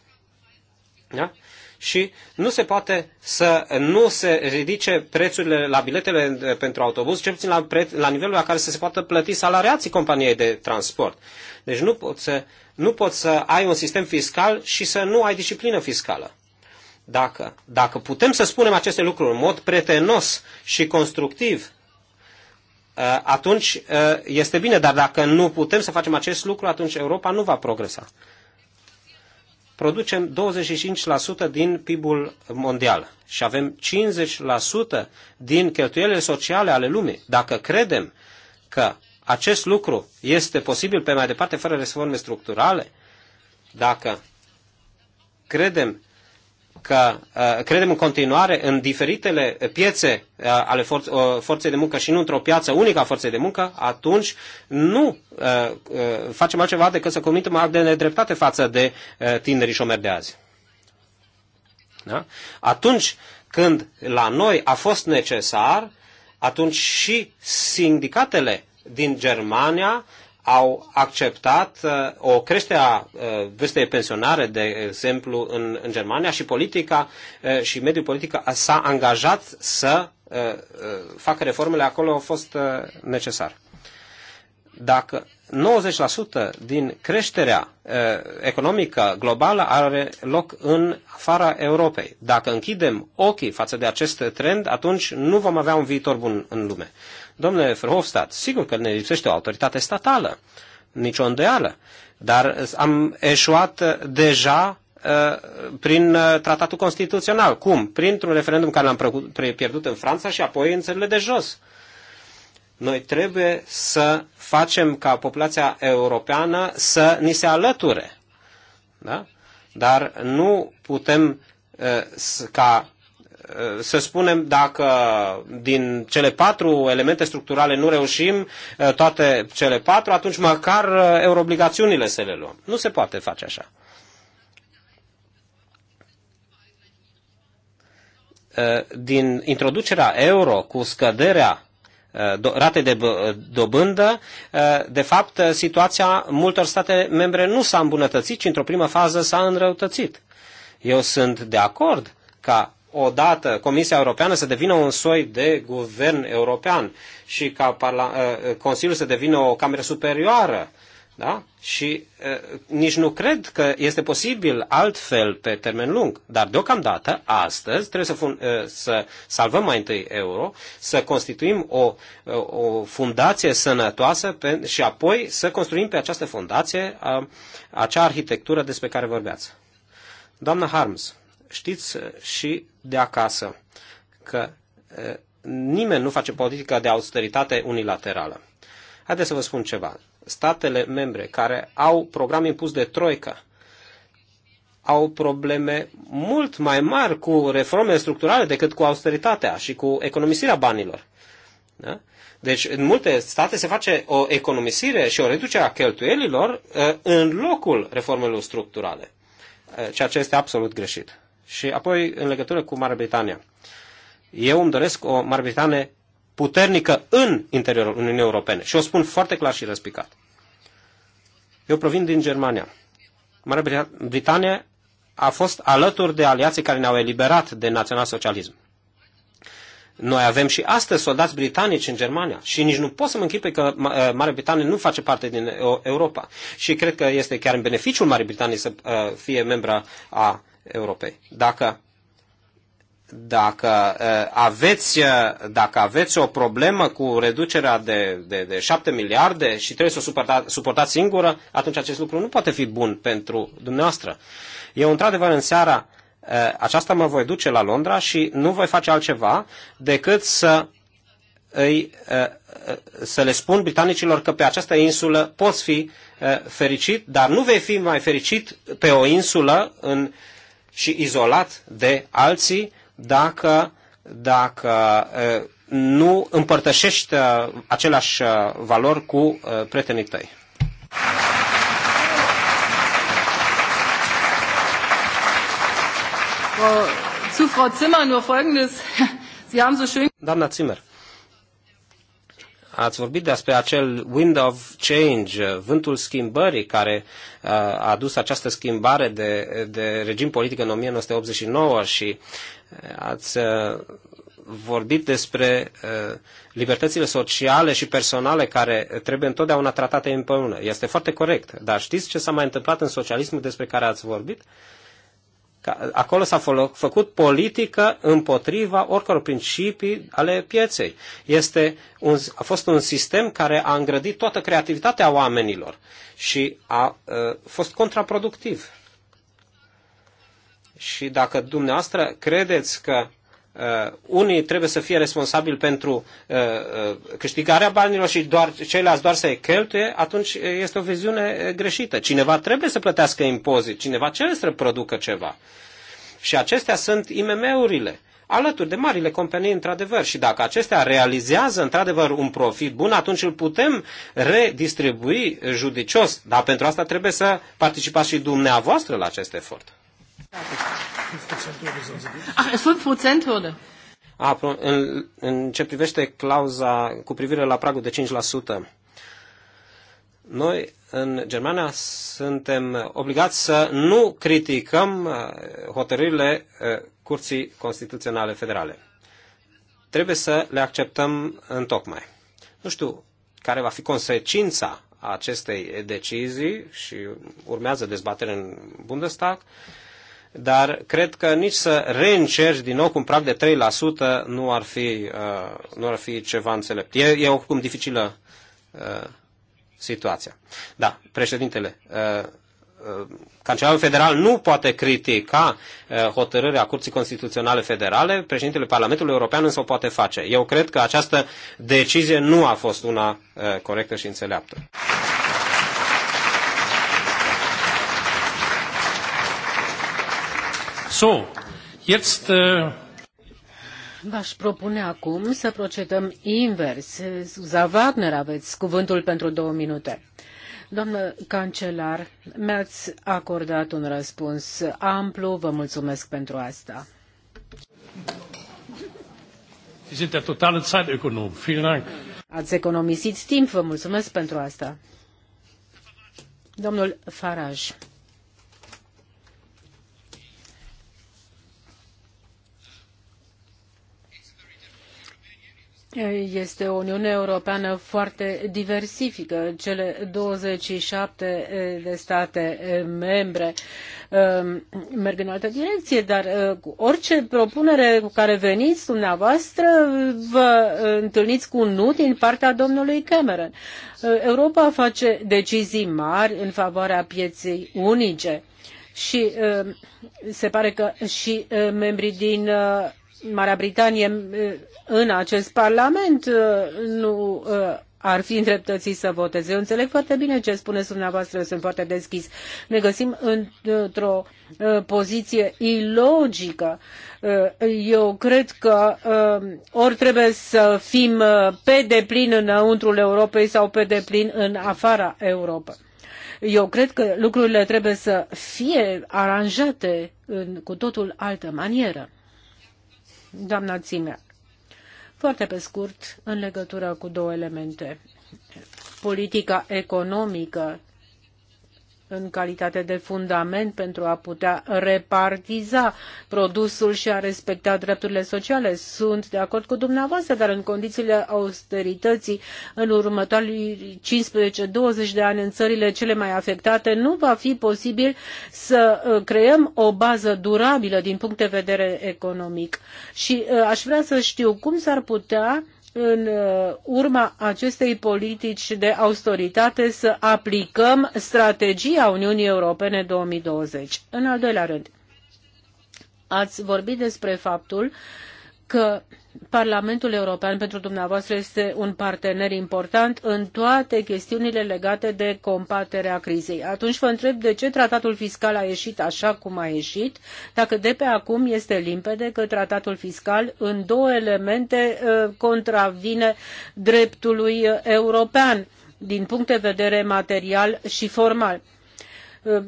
Da? și nu se poate să nu se ridice prețurile la biletele pentru autobuz, cel puțin la, pre, la nivelul la care să se poată plăti salariații companiei de transport. Deci nu poți, să, nu poți să ai un sistem fiscal și să nu ai disciplină fiscală. Dacă, dacă putem să spunem aceste lucruri în mod pretenos și constructiv, Eh, atunci eh, este bine, dar dacă nu putem să facem acest lucru, atunci Europa nu va progresa. Producem 25% din PIB-ul mondial și avem 50% din cheltuielile sociale ale lumii. Dacă credem că acest lucru este posibil pe mai departe fără reforme structurale, dacă credem că credem în continuare în diferitele piețe ale for- forței de muncă și nu într-o piață unică a forței de muncă, atunci nu facem altceva decât să comitem act de nedreptate față de tinerii șomeri de azi. Da? Atunci când la noi a fost necesar, atunci și sindicatele din Germania au acceptat uh, o creștere a uh, vârstei pensionare, de exemplu, în, în Germania și politica uh, și mediul politic s-a angajat să facă reformele acolo au fost necesar. Dacă 90% din creșterea economică globală are loc în afara Europei. Dacă închidem ochii față de acest trend, atunci nu vom avea un viitor bun în lume. Domnule Verhofstadt, sigur că ne lipsește o autoritate statală, nicio îndoială, dar am eșuat deja uh, prin uh, tratatul constituțional. Cum? Printr-un referendum care l-am pierdut în Franța și apoi în țările de jos. Noi trebuie să facem ca populația europeană să ni se alăture. Da? Dar nu putem uh, ca să spunem, dacă din cele patru elemente structurale nu reușim eh, toate cele patru, atunci măcar eh, euroobligațiunile să le luăm. Nu se poate face așa. Eh, din introducerea euro cu scăderea rate de dobândă, de fapt, situația multor state membre nu s-a îmbunătățit, ci într-o primă fază s-a înrăutățit. Eu sunt de acord ca odată Comisia Europeană să devină un soi de guvern european și ca ă, ă, Consiliul să devină o cameră superioară. Da? Și e, ă, nici nu cred că este posibil altfel pe termen lung. Dar deocamdată, astăzi, trebuie să, fun- e, să salvăm mai întâi euro, să constituim o, o fundație sănătoasă pe, și apoi să construim pe această fundație a, acea arhitectură despre care vorbeați. Doamna Harms, știți uh, și de acasă că uh, nimeni nu face politică de austeritate unilaterală. Haideți să vă spun ceva. Statele membre care au program impus de troică au probleme mult mai mari cu reforme structurale decât cu austeritatea și cu economisirea banilor. Da? Deci în multe state se face o economisire și o reducere a cheltuielilor uh, în locul reformelor structurale, ceea ce este absolut greșit. Și apoi în legătură cu Marea Britanie. Eu îmi doresc o Marea Britanie puternică în interiorul Uniunii Europene. Și o spun foarte clar și răspicat. Eu provin din Germania. Marea Britanie a fost alături de aliații care ne-au eliberat de național-socialism. Noi avem și astăzi soldați britanici în Germania și nici nu pot să mă închipe că uh, Marea Britanie nu face parte din uh, Europa. Și cred că este chiar în beneficiul Marii Britanii să uh, fie membra a Europei. Dacă, dacă, uh, aveți, uh, dacă aveți o problemă cu reducerea de, de, de 7 miliarde și trebuie să o suporta, suportați singură, atunci acest lucru nu poate fi bun pentru dumneavoastră. Eu, într-adevăr, în seara uh, aceasta mă voi duce la Londra și nu voi face altceva decât să îi, să le spun britanicilor că pe această insulă poți fi fericit, dar nu vei fi mai fericit pe o insulă în și izolat de alții dacă, dacă nu împărtășești aceleași valori cu prietenii tăi. Doamna Zimmer, Ați vorbit despre acel wind of change, vântul schimbării care uh, a adus această schimbare de, de regim politic în 1989 și uh, ați uh, vorbit despre libertățile sociale și personale care trebuie întotdeauna tratate împreună. Este foarte corect, dar știți ce s-a mai întâmplat în socialismul despre care ați vorbit? acolo s-a făcut politică împotriva oricăror principii ale pieței. Este un, a fost un sistem care a îngrădit toată creativitatea oamenilor și a, a ă, fost contraproductiv. Și dacă dumneavoastră credeți că Uh, unii trebuie să fie responsabili pentru uh, uh, câștigarea banilor și doar, ceilalți doar să-i cheltuie, atunci uh, este o viziune uh, greșită. Cineva trebuie să plătească impozit, cineva trebuie să producă ceva. Și acestea sunt IMM-urile, alături de marile companii, într-adevăr. Și dacă acestea realizează, într-adevăr, un profit bun, atunci îl putem redistribui judicios. Dar pentru asta trebuie să participați și dumneavoastră la acest efort. A, în, în ce privește clauza cu privire la pragul de 5%, noi în Germania suntem obligați să nu criticăm uh, hotărârile uh, Curții Constituționale Federale. Trebuie să le acceptăm în tocmai. Nu știu care va fi consecința acestei decizii și urmează dezbatere în Bundestag, dar cred că nici să reîncerci din nou cu un prag de 3% nu ar fi, uh, nu ar fi ceva înțelept. E, e oricum dificilă uh, situația. Da, președintele, uh, Cancelarul Federal nu poate critica hotărârea Curții Constituționale Federale, președintele Parlamentului European însă o poate face. Eu cred că această decizie nu a fost una corectă și înțeleaptă. Äh, V-aș propune acum să procedăm invers. Suza Wagner, aveți cuvântul pentru două minute. Doamnă cancelar, mi-ați acordat un răspuns amplu, vă mulțumesc pentru asta. Ați economisit timp, vă mulțumesc pentru asta. Domnul Farage. este o Uniune Europeană foarte diversifică. Cele douăzeci și șapte de state eh, membre eh, merg în altă direcție, dar eh, cu orice propunere cu care veniți dumneavoastră, vă întâlniți cu un nu din partea domnului Cameron. Europa face decizii mari în favoarea pieței unice și se pare că și membrii din Marea Britanie uh, în acest Parlament uh, nu uh, ar fi îndreptățit să voteze. Eu înțeleg foarte bine ce spuneți dumneavoastră, eu sunt foarte deschis. Ne găsim într-o poziție ilogică. Eu cred că ori trebuie să fim pe deplin înăuntrul Europei sau pe deplin în afara Europei. Eu cred că lucrurile trebuie să fie aranjate în, cu totul altă manieră. Doamna Țimea, foarte pe scurt, în legătură cu două elemente. Politica economică în calitate de fundament pentru a putea repartiza produsul și a respecta drepturile sociale. Sunt de acord cu dumneavoastră, dar în condițiile austerității, în următoarele 15-20 de ani în țările cele mai afectate, nu va fi posibil să uh, creăm o bază durabilă din punct de vedere economic. Și uh, aș vrea să știu cum s-ar putea în uh, urma acestei politici de austeritate să aplicăm strategia Uniunii Europene 2020. În al doilea rând, ați vorbit despre faptul că Parlamentul European pentru dumneavoastră este un partener important în toate chestiunile legate de combaterea crizei. Atunci vă întreb de ce tratatul fiscal a ieșit așa cum a ieșit, dacă de pe acum este limpede că tratatul fiscal în două elemente uh, contravine dreptului uh, european din punct de vedere material și formal. Uh,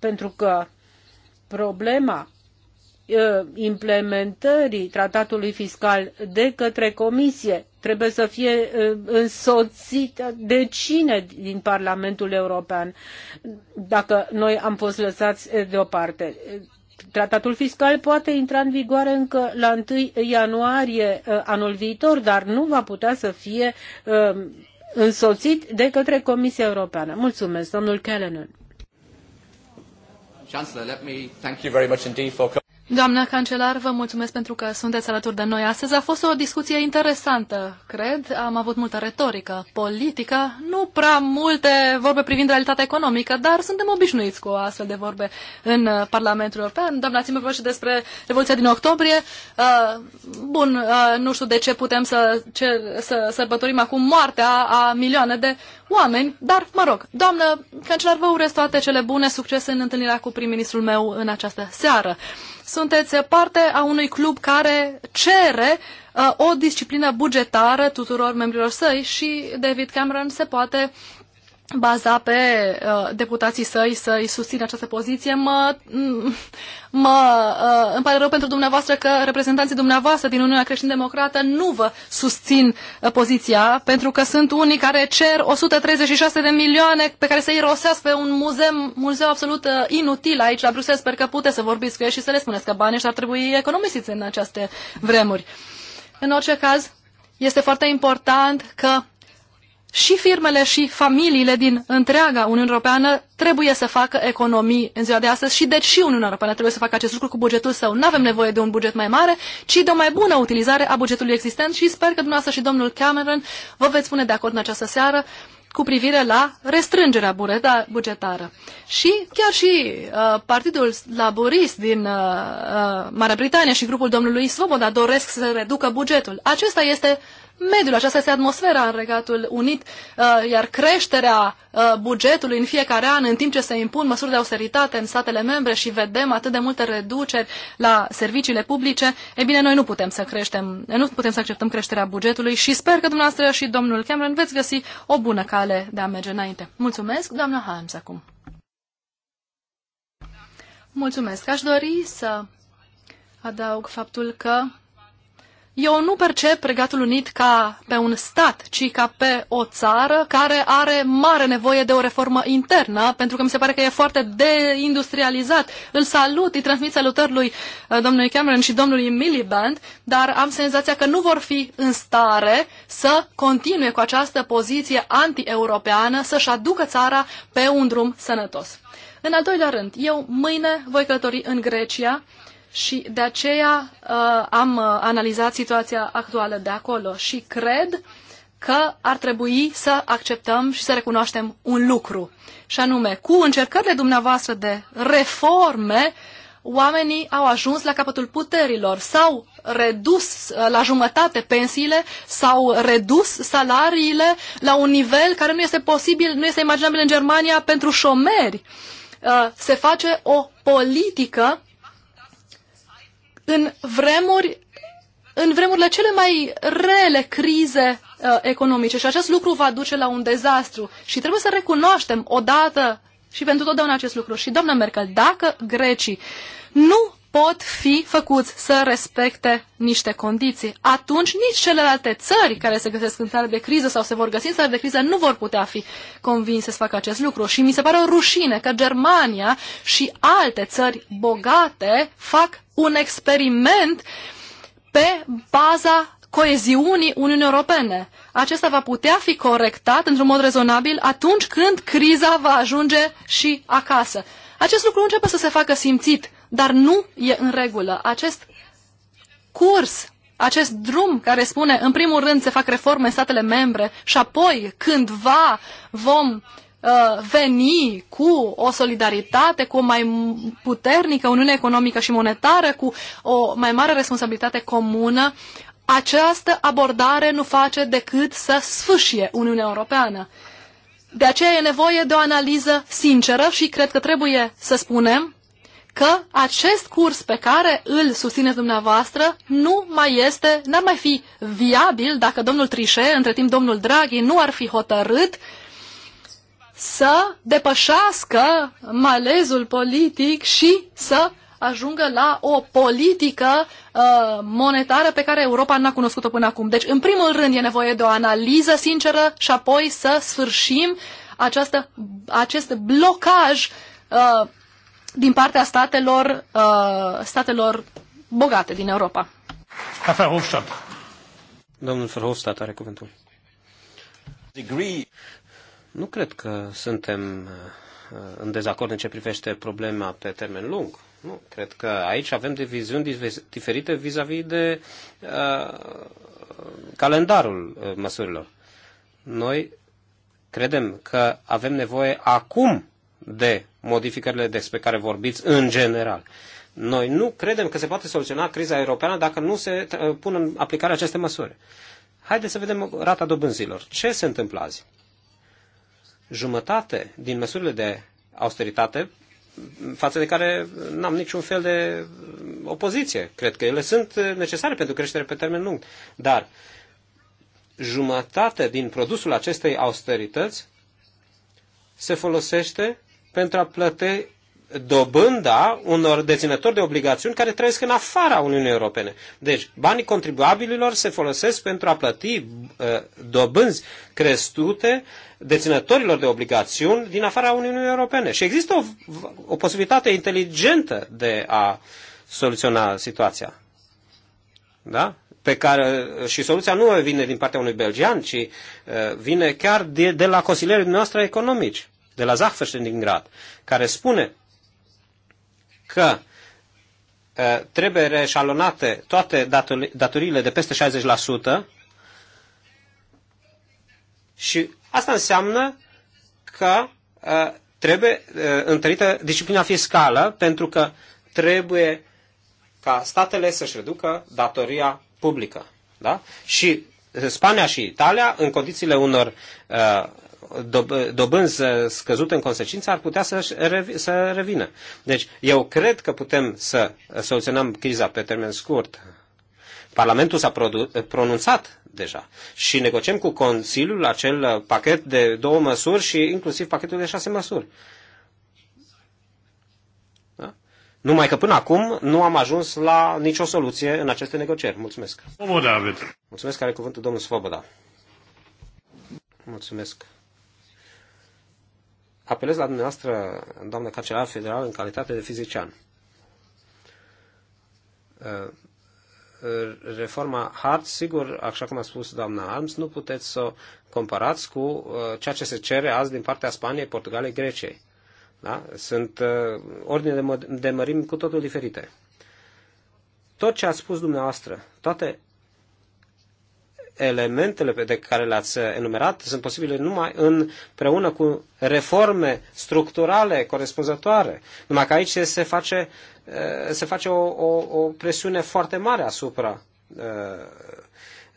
pentru că problema Uh, implementării tratatului fiscal de către Comisie trebuie să fie uh, însoțită de cine din Parlamentul European dacă noi am fost lăsați uh, deoparte. Tratatul fiscal poate intra în vigoare încă la 1 ianuarie anul viitor, dar nu va putea să fie însoțit de către Comisia Europeană. Mulțumesc, domnul Callanan. Chancellor, let me thank you very much indeed for Doamna cancelar, vă mulțumesc pentru că sunteți alături de noi astăzi. A fost o discuție interesantă, cred. Am avut multă retorică politică, nu prea multe vorbe privind realitatea economică, dar suntem obișnuiți cu astfel de vorbe în Parlamentul European. Doamna, ți-mi și despre Revoluția din octombrie. Uh, bun, uh, nu știu de ce putem să, ce, să sărbătorim acum moartea a milioane de oameni, dar, mă rog, doamnă cancelar, vă urez toate cele bune, succes în întâlnirea cu prim-ministrul meu în această seară sunteți parte a unui club care cere uh, o disciplină bugetară tuturor membrilor săi și David Cameron se poate baza pe uh, deputații săi să-i susțină această poziție. Mă, mă uh, îmi pare rău pentru dumneavoastră că reprezentanții dumneavoastră din Uniunea Creștin-Democrată nu vă susțin uh, poziția, pentru că sunt unii care cer 136 de milioane pe care să rosească pe un muzeu, muzeu absolut uh, inutil aici la Bruxelles. Sper că puteți să vorbiți cu ei și să le spuneți că banii ăștia ar trebui economisiți în aceste vremuri. În orice caz, este foarte important că și firmele și familiile din întreaga Uniune Europeană trebuie să facă economii în ziua de astăzi și deci și Uniunea Europeană trebuie să facă acest lucru cu bugetul său. Nu avem nevoie de un buget mai mare, ci de o mai bună utilizare a bugetului existent și sper că dumneavoastră și domnul Cameron vă veți pune de acord în această seară cu privire la restrângerea da, bugetară. Și chiar și uh, Partidul Laborist din uh, uh, Marea Britanie și grupul domnului Svoboda doresc să reducă bugetul. Acesta este uh, mediul, aceasta este atmosfera în Regatul Unit, uh, iar creșterea uh, bugetului în fiecare an, în timp ce se impun măsuri de austeritate în statele membre și vedem atât de multe reduceri la serviciile publice, e bine, noi nu putem să creștem, nu putem să acceptăm creșterea bugetului și sper că dumneavoastră și domnul Cameron veți găsi o bună cale de a merge înainte. Mulțumesc, doamna Hans, acum. Mulțumesc. Aș dori să adaug faptul că eu nu percep Regatul Unit ca pe un stat, ci ca pe o țară care are mare nevoie de o reformă internă, pentru că mi se pare că e foarte deindustrializat. Îl salut, îi transmit salutări lui uh, domnului Cameron și domnului Miliband, dar am senzația că nu vor fi în stare să continue cu această poziție anti-europeană, să-și aducă țara pe un drum sănătos. În al doilea rând, eu mâine voi călători în Grecia, și de aceea uh, am uh, analizat situația actuală de acolo și cred că ar trebui să acceptăm și să recunoaștem un lucru. Și anume, cu încercările dumneavoastră de reforme, oamenii au ajuns la capătul puterilor, s-au redus uh, la jumătate pensiile, s-au redus salariile la un nivel care nu este posibil, nu este imaginabil în Germania pentru șomeri. Uh, se face o politică în vremuri în vremurile cele mai rele crize uh, economice și acest lucru va duce la un dezastru și trebuie să recunoaștem odată și pentru totdeauna acest lucru. Și doamna Merkel, dacă grecii nu pot fi făcuți să respecte niște condiții, atunci nici celelalte țări care se găsesc în stare de criză sau se vor găsi în stare de criză nu vor putea fi convinse să facă acest lucru. Și mi se pare o rușine că Germania și alte țări bogate fac un experiment pe baza coeziunii Uniunii Europene. Acesta va putea fi corectat într-un mod rezonabil atunci când criza va ajunge și acasă. Acest lucru începe să se facă simțit, dar nu e în regulă. Acest curs, acest drum care spune, în primul rând, se fac reforme în statele membre și apoi, cândva, vom uh, Uh, veni cu o solidaritate, cu o mai puternică uniune economică și monetară, cu o mai mare responsabilitate comună, această abordare nu face decât să sfâșie Uniunea Europeană. De aceea e nevoie de o analiză sinceră și cred că trebuie să spunem că acest curs pe care îl susțineți dumneavoastră nu mai este, n-ar mai fi viabil dacă domnul Trișe, între timp domnul Draghi, nu ar fi hotărât uh, să depășească malezul politic și să ajungă la o politică uh, monetară pe care Europa n-a cunoscut-o până acum. Deci, în primul rând, e nevoie de o analiză sinceră și apoi să sfârșim această, acest blocaj uh, din partea statelor, uh, statelor bogate din Europa. Domnul Verhofstadt are cuvântul. Nu cred că suntem uh, în dezacord în ce privește problema pe termen lung. Nu, cred că aici avem de viziuni diferite vis-a-vis -vis de uh, calendarul uh, măsurilor. Noi credem că avem nevoie acum de modificările despre care vorbiți în general. Noi nu credem că se poate soluționa criza europeană dacă nu se uh, pun în aplicare aceste măsuri. Haideți să vedem rata dobânzilor. Ce se întâmplă azi? jumătate din măsurile de austeritate față de care n-am niciun fel de opoziție. Cred că ele sunt necesare pentru creștere pe termen lung. Dar jumătate din produsul acestei austerități se folosește pentru a plăti dobânda unor deținători de obligațiuni care trăiesc în afara Uniunii Europene. Deci, banii contribuabililor se folosesc pentru a plăti uh, dobânzi crescute deținătorilor de obligațiuni din afara Uniunii Europene. Și există o, o posibilitate inteligentă de a soluționa situația. Da? Pe care, uh, și soluția nu vine din partea unui belgian, ci uh, vine chiar de, de la consilierii noastre economici de la din Grad, care spune că trebuie reșalonate toate datoriile de peste 60% și asta înseamnă că trebuie întărită disciplina fiscală pentru că trebuie ca statele să-și reducă datoria publică. Da? Și Spania și Italia, în condițiile unor uh, dobânzi scăzute în consecință ar putea să revină. Deci eu cred că putem să soluționăm criza pe termen scurt. Parlamentul s-a pronunțat deja și negociem cu Consiliul acel pachet de două măsuri și inclusiv pachetul de șase măsuri. Da? Numai că până acum nu am ajuns la nicio soluție în aceste negocieri. Mulțumesc. Mulțumesc, are cuvântul domnul Svoboda. Mulțumesc apelez la dumneavoastră, doamnă cancelar federal, în calitate de fizician. Uh, reforma Hart, sigur, așa cum a spus doamna Arms, nu puteți să o comparați cu uh, ceea ce se cere azi din partea Spaniei, Portugalei, Greciei. Da? Sunt uh, ordine de, mă- de mărimi cu totul diferite. Tot ce a spus dumneavoastră, toate elementele pe care le-ați enumerat sunt posibile numai împreună cu reforme structurale corespunzătoare. Numai că aici se face, eh, se face o, o, o presiune foarte mare asupra eh,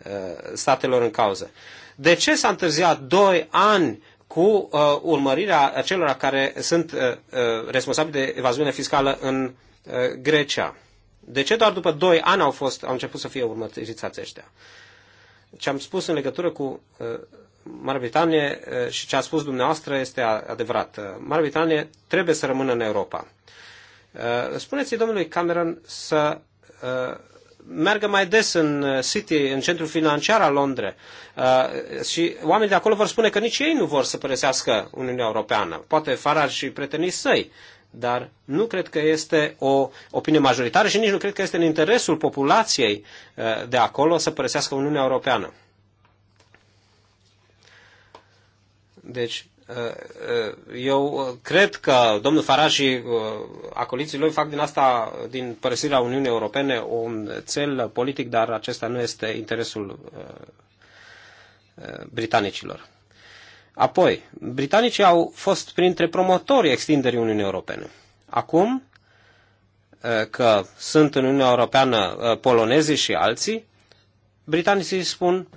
eh, statelor în cauză. De ce s-a întârziat doi ani cu uh, urmărirea celor care sunt uh, uh, responsabili de evaziune fiscală în uh, Grecia? De ce doar după 2 ani au, fost, au început să fie urmăriți aceștia? Uh, ce am spus în legătură cu uh, Marea Britanie uh, și ce a spus dumneavoastră este adevărat. Uh, Marea Britanie trebuie să rămână în Europa. Spuneți domnului Cameron să meargă mai des în City, în centrul financiar al Londrei. și oamenii de acolo vor spune că nici ei nu vor să părăsească Uniunea Europeană. Poate Farage și prietenii săi dar nu cred că este o opinie majoritară și nici nu cred că este în interesul populației uh, de acolo să părăsească Uniunea Europeană. Deci, uh, uh, eu cred că domnul Farage și acoliții lui fac din asta, din părăsirea Uniunii Europene, un cel politic, dar acesta nu este interesul britanicilor. Apoi, britanicii au fost printre promotorii extinderii Uniunii Europene. Acum că sunt în Uniunea Europeană polonezii și alții, britanicii spun,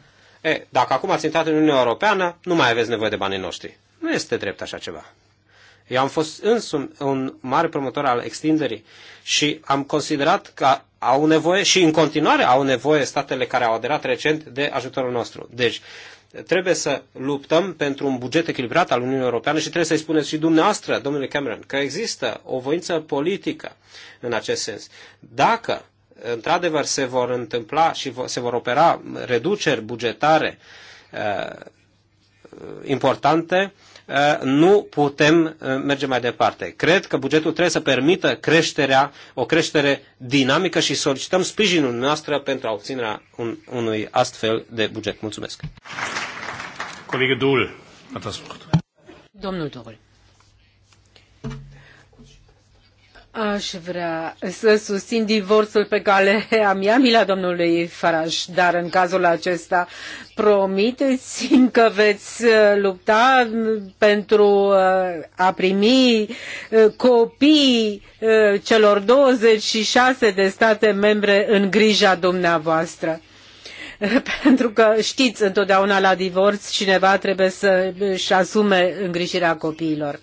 e, dacă acum ați intrat în Uniunea Europeană, nu mai aveți nevoie de banii noștri. Nu este drept așa ceva. Eu am fost însumi un mare promotor al extinderii și am considerat că au nevoie și în continuare au nevoie statele care au aderat recent de ajutorul nostru. Deci, trebuie să luptăm pentru un buget echilibrat al Uniunii Europeane și trebuie să-i spuneți și dumneavoastră, domnule Cameron, că există o voință politică în acest sens. Dacă, într-adevăr, se vor întâmpla și se vor opera reduceri bugetare uh, importante, Eh, nu putem eh, merge mai departe. Cred că bugetul trebuie să permită creșterea, o creștere dinamică și solicităm sprijinul noastră pentru a obținerea un, unui astfel de buget. Mulțumesc. Colegul Dul, Domnul Dul. Aș vrea să susțin divorțul pe care am iami la domnului Faraj, dar în cazul acesta promiteți că veți uh, lupta uh, pentru uh, a primi copii celor 26 de state membre în grija dumneavoastră pentru că știți întotdeauna la divorț cineva trebuie să își asume îngrijirea copiilor.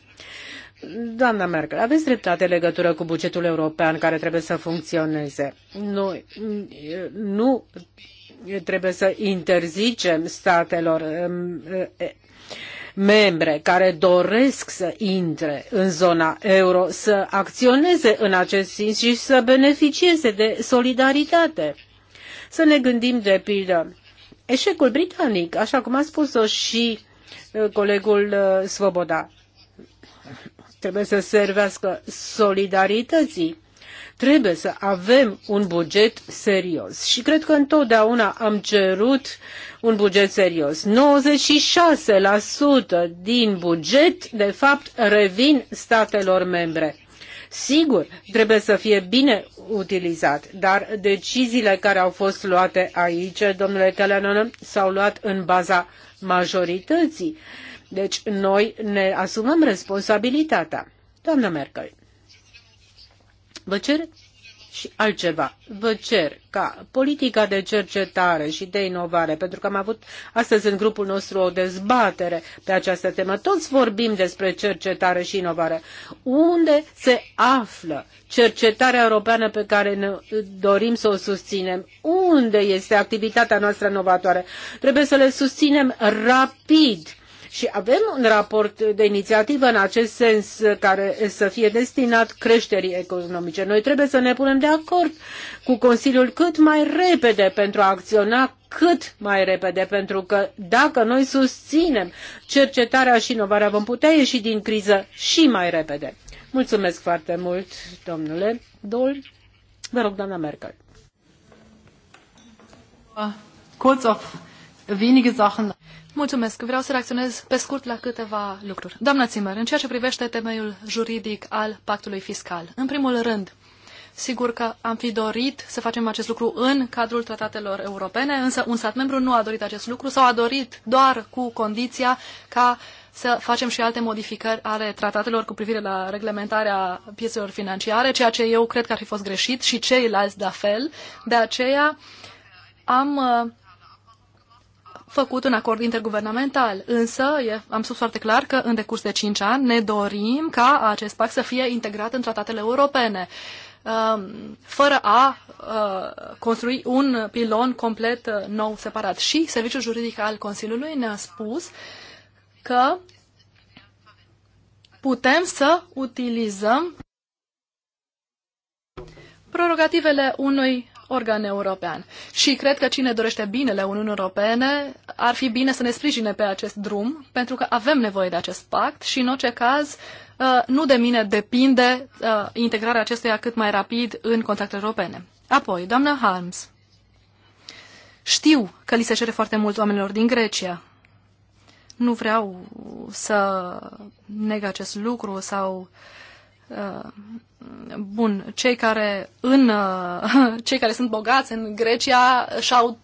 Doamna Merkel, aveți dreptate legătură cu bugetul european care trebuie să funcționeze. Noi nu trebuie să interzicem statelor um, membre care doresc să intre în zona euro să acționeze în acest sens și să beneficieze de solidaritate. Să ne gândim de pildă eșecul britanic, așa cum a spus-o și uh, colegul uh, Svoboda trebuie să servească solidarității. Trebuie să avem un buget serios și cred că întotdeauna am cerut un buget serios. 96% din buget, de fapt, revin statelor membre. Sigur, trebuie să fie bine utilizat, dar deciziile care au fost luate aici, domnule Calanon, s-au luat în baza majorității. Uh, deci noi ne asumăm responsabilitatea. Doamna Merkel, vă cer și altceva. Vă cer ca politica de cercetare și de inovare, pentru că am avut astăzi în grupul nostru o dezbatere pe această temă, toți vorbim despre cercetare și inovare. Unde se află cercetarea europeană pe care ne dorim să o susținem? Unde este activitatea noastră inovatoare? Trebuie să le susținem rapid și avem un raport de inițiativă în acest sens care să fie destinat creșterii economice. Noi trebuie să ne punem de acord cu Consiliul cât mai repede pentru a acționa cât mai repede, pentru că dacă noi susținem cercetarea și inovarea, vom putea ieși din criză și mai repede. Mulțumesc foarte mult, domnule Dol. Vă rog, doamna Merkel. Kurz ah, wenige Sachen. Mulțumesc. Vreau să reacționez pe scurt la câteva lucruri. Doamna Zimmer, în ceea ce privește temeiul juridic al pactului fiscal, în primul rând, Sigur că am fi dorit să facem acest lucru în cadrul tratatelor europene, însă un stat membru nu a dorit acest lucru sau a dorit doar cu condiția ca să facem și alte modificări ale tratatelor cu privire la reglementarea piețelor financiare, ceea ce eu cred că ar fi fost greșit și ceilalți la fel. De aceea am uh, făcut un acord interguvernamental, însă e, am spus foarte clar că în decurs de 5 ani ne dorim ca acest pact să fie integrat în tratatele europene, um, fără a uh, construi un pilon complet uh, nou separat. Și Serviciul Juridic al Consiliului ne-a spus că putem să utilizăm prorogativele unui organ european. Și cred că cine dorește binele Uniunii Europene ar fi bine să ne sprijine pe acest drum, pentru că avem nevoie de acest pact și, în orice caz, uh, nu de mine depinde uh, integrarea acestuia cât mai rapid în contractele europene. Apoi, doamna Harms, știu că li se cere foarte mult oamenilor din Grecia. Nu vreau să neg acest lucru sau uh, Uh, bun, cei care, în, uh, cei care sunt bogați în Grecia și-au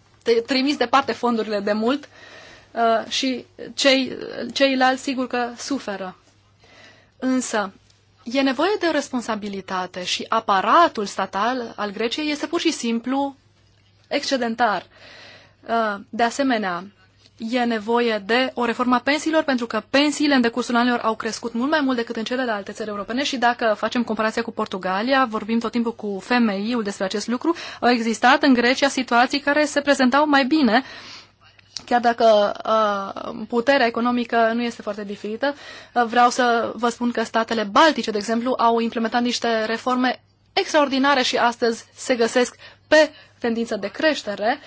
trimis departe fondurile de mult uh, și cei, ceilalți sigur că suferă. Însă, e nevoie de o responsabilitate și aparatul statal al Greciei este pur și simplu excedentar. De asemenea, e nevoie de o reformă a pensiilor, pentru că pensiile în decursul anilor au crescut mult mai mult decât în celelalte țări europene și dacă facem comparația cu Portugalia, vorbim tot timpul cu femeiul despre acest lucru, au existat în Grecia situații care se prezentau mai bine chiar dacă uh, puterea economică nu este foarte diferită, uh, vreau să vă spun că statele baltice, de exemplu, au implementat niște reforme extraordinare și astăzi se găsesc pe tendință de creștere.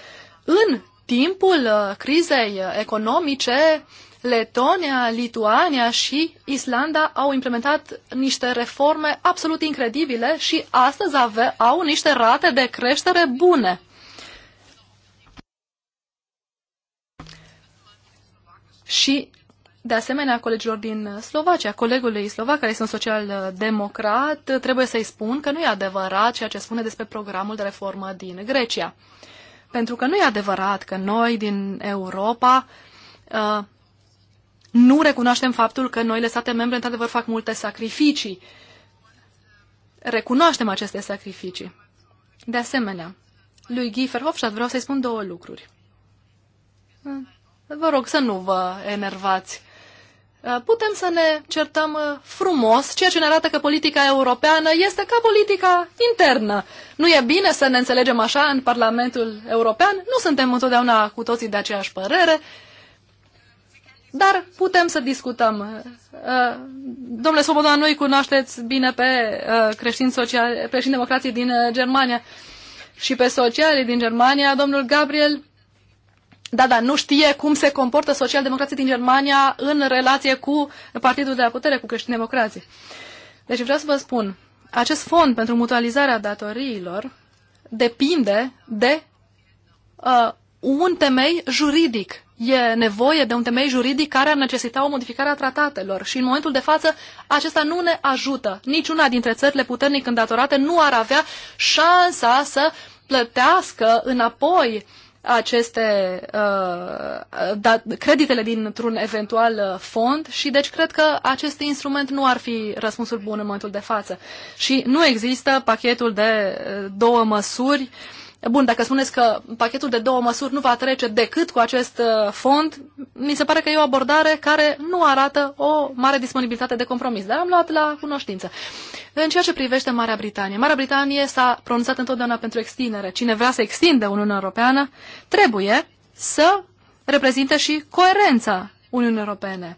În timpul uh, crizei uh, economice, Letonia, Lituania și Islanda au implementat niște reforme absolut incredibile și astăzi ave- au niște rate de creștere bune. Și, de asemenea, colegilor din Slovacia, colegului slovac care este un social-democrat, trebuie să-i spun că nu e adevărat ceea ce spune despre programul de reformă din Grecia. Uh, pentru că nu e adevărat că noi din Europa uh, nu recunoaștem faptul că noile state membre într-adevăr fac multe sacrificii. Recunoaștem aceste sacrificii. De asemenea, lui Guy Verhofstadt vreau să-i spun două lucruri. Vă rog să nu vă enervați. Uh, putem să ne certăm uh, frumos, ceea ce ne arată că politica europeană este ca politica internă. Nu e bine să ne înțelegem așa în Parlamentul European, nu suntem întotdeauna cu toții de aceeași părere, dar putem să discutăm. Uh, domnule Sobodan, noi cunoașteți bine pe creștini, social, creștini democrații din Germania și pe socialii din Germania. Domnul Gabriel da, da, nu știe cum se comportă socialdemocrații din Germania în relație cu partidul de la putere, cu creștini democrații. Deci vreau să vă spun, acest fond pentru mutualizarea datoriilor depinde de uh, un temei juridic. E nevoie de un temei juridic care ar necesita o modificare a tratatelor și în momentul de față acesta nu ne ajută. Niciuna dintre țările puternic îndatorate nu ar avea șansa să plătească înapoi uh, aceste uh, da, creditele dintr-un eventual uh, fond și deci cred că acest instrument nu ar fi răspunsul bun în momentul de față. Și nu există pachetul de uh, două măsuri uh, Bun, dacă spuneți că pachetul de două măsuri nu va trece decât cu acest uh, fond, mi se pare că e o abordare care nu arată o mare disponibilitate de compromis, dar am luat la cunoștință. În ceea ce privește Marea Britanie, Marea Britanie s-a pronunțat întotdeauna pentru extindere. Cine vrea să extinde Uniunea Europeană trebuie să reprezinte și coerența Uniunii Europene.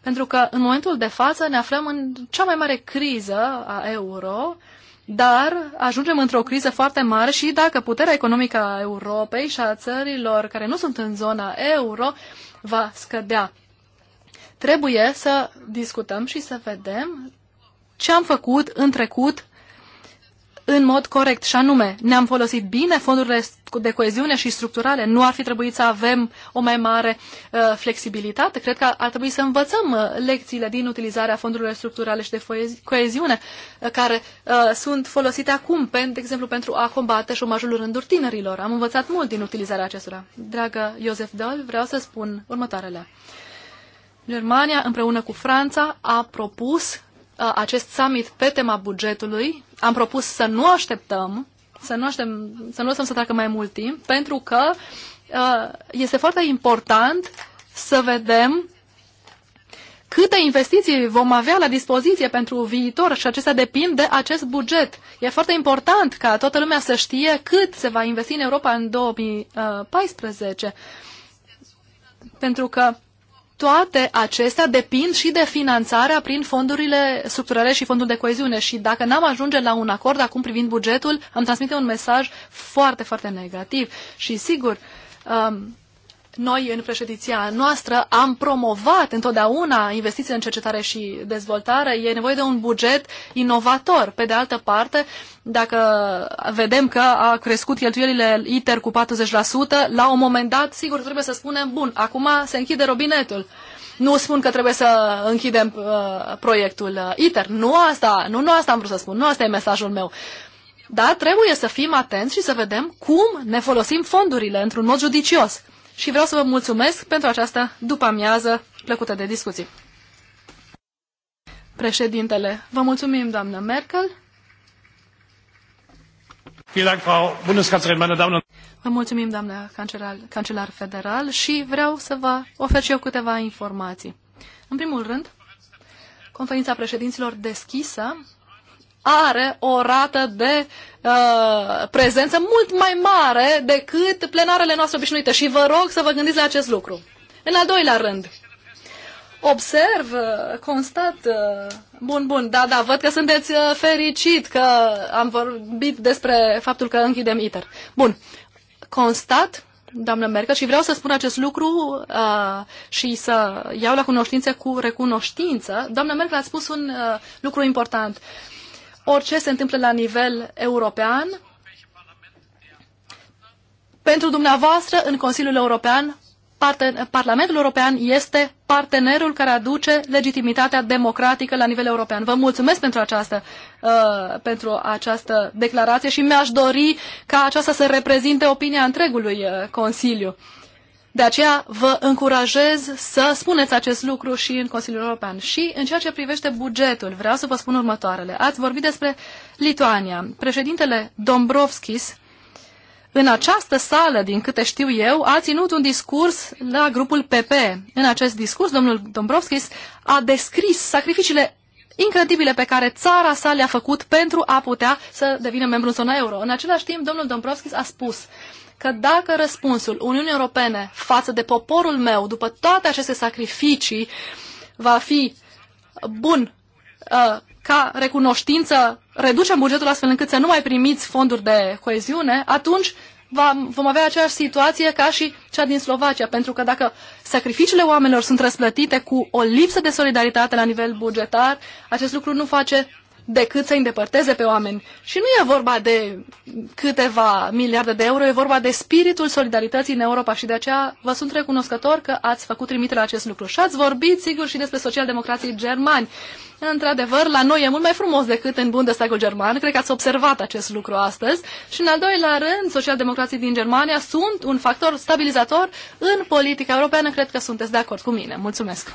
Pentru că în momentul de față ne aflăm în cea mai mare criză a euro, dar ajungem într-o criză foarte mare și dacă puterea economică a Europei și a țărilor care nu sunt în zona euro va scădea. Trebuie să discutăm și să vedem ce am făcut în trecut în mod corect. Și anume, ne-am folosit bine fondurile de coeziune și structurale. Nu ar fi trebuit să avem o mai mare uh, flexibilitate. Cred că ar trebui să învățăm uh, lecțiile din utilizarea fondurilor structurale și de coeziune, uh, care uh, sunt folosite acum, pe, de exemplu, pentru a combate șomajul în rândul tinerilor. Am învățat mult din utilizarea acestora. Dragă Iosef Dol, vreau să spun următoarele. Germania, împreună cu Franța, a propus Uh, acest summit pe tema bugetului. Am propus să nu așteptăm, să nu, aștept, să nu lăsăm să treacă mai mult timp, pentru că uh, este foarte important să vedem câte investiții vom avea la dispoziție pentru viitor și acestea depind de acest buget. E foarte important ca toată lumea să știe cât se va investi în Europa în 2014. Uh, pentru că toate acestea depind și de finanțarea prin fondurile structurale și fondul de coeziune și dacă n-am ajunge la un acord acum privind bugetul, am transmite un mesaj foarte, foarte negativ și sigur, um, noi, în președinția noastră, am promovat întotdeauna investiții în cercetare și dezvoltare. E nevoie de un buget inovator. Pe de altă parte, dacă vedem că a crescut cheltuielile ITER cu 40%, la un moment dat, sigur, trebuie să spunem, bun, acum se închide robinetul. Nu spun că trebuie să închidem uh, proiectul uh, ITER. Nu asta, nu, nu asta am vrut să spun, nu asta e mesajul meu. Dar trebuie să fim atenți și să vedem cum ne folosim fondurile într-un mod judicios și vreau să vă mulțumesc pentru această după-amiază plăcută de discuții. Președintele, vă mulțumim, doamnă Merkel. Vă mulțumim, doamnă cancelar, cancelar federal, și vreau să vă ofer și eu câteva informații. În primul rând, conferința președinților deschisă are o rată de uh, prezență mult mai mare decât plenarele noastre obișnuite și vă rog să vă gândiți la acest lucru. În al doilea rând, observ, constat, uh, bun, bun, da, da, văd că sunteți uh, fericit că am vorbit despre faptul că închidem ITER. Bun, constat, doamnă Merkel, și vreau să spun acest lucru uh, și să iau la cunoștință cu recunoștință. Doamnă Merkel a spus un uh, lucru important. Uh, orice se întâmplă la nivel european, pentru dumneavoastră, în Consiliul European, Parlamentul European este partenerul care aduce legitimitatea democratică la nivel european. Vă mulțumesc pentru această, uh, pentru această declarație și mi-aș dori ca aceasta să reprezinte opinia întregului uh, Consiliu. De aceea vă încurajez să spuneți acest lucru și în Consiliul European. Și în ceea ce privește bugetul, vreau să vă spun următoarele. Ați vorbit despre Lituania. Președintele Dombrovskis, în această sală, din câte știu eu, a ținut un discurs la grupul PP. În acest discurs, domnul Dombrovskis a descris sacrificiile incredibile pe care țara sa le-a făcut pentru a putea să devină membru în zona euro. În același timp, domnul Dombrovskis a spus că dacă răspunsul Uniunii Europene față de poporul meu, după toate aceste sacrificii, va fi bun uh, ca recunoștință, reducem bugetul astfel încât să nu mai primiți fonduri de coeziune, atunci vom avea aceeași situație ca și cea din Slovacia, pentru că dacă sacrificiile oamenilor sunt răsplătite cu o lipsă de solidaritate la nivel bugetar, acest lucru nu face decât să îi îndepărteze pe oameni. Și nu e vorba de câteva miliarde de euro, e vorba de spiritul solidarității în Europa și de aceea vă sunt recunoscător că ați făcut trimitere la acest lucru. Și ați vorbit, sigur, și despre socialdemocrații germani. Într-adevăr, la noi e mult mai frumos decât în Bundestagul german. Cred că ați observat acest lucru astăzi. Și în al doilea rând, socialdemocrații din Germania sunt un factor stabilizator în politica europeană. Cred că sunteți de acord cu mine. Mulțumesc!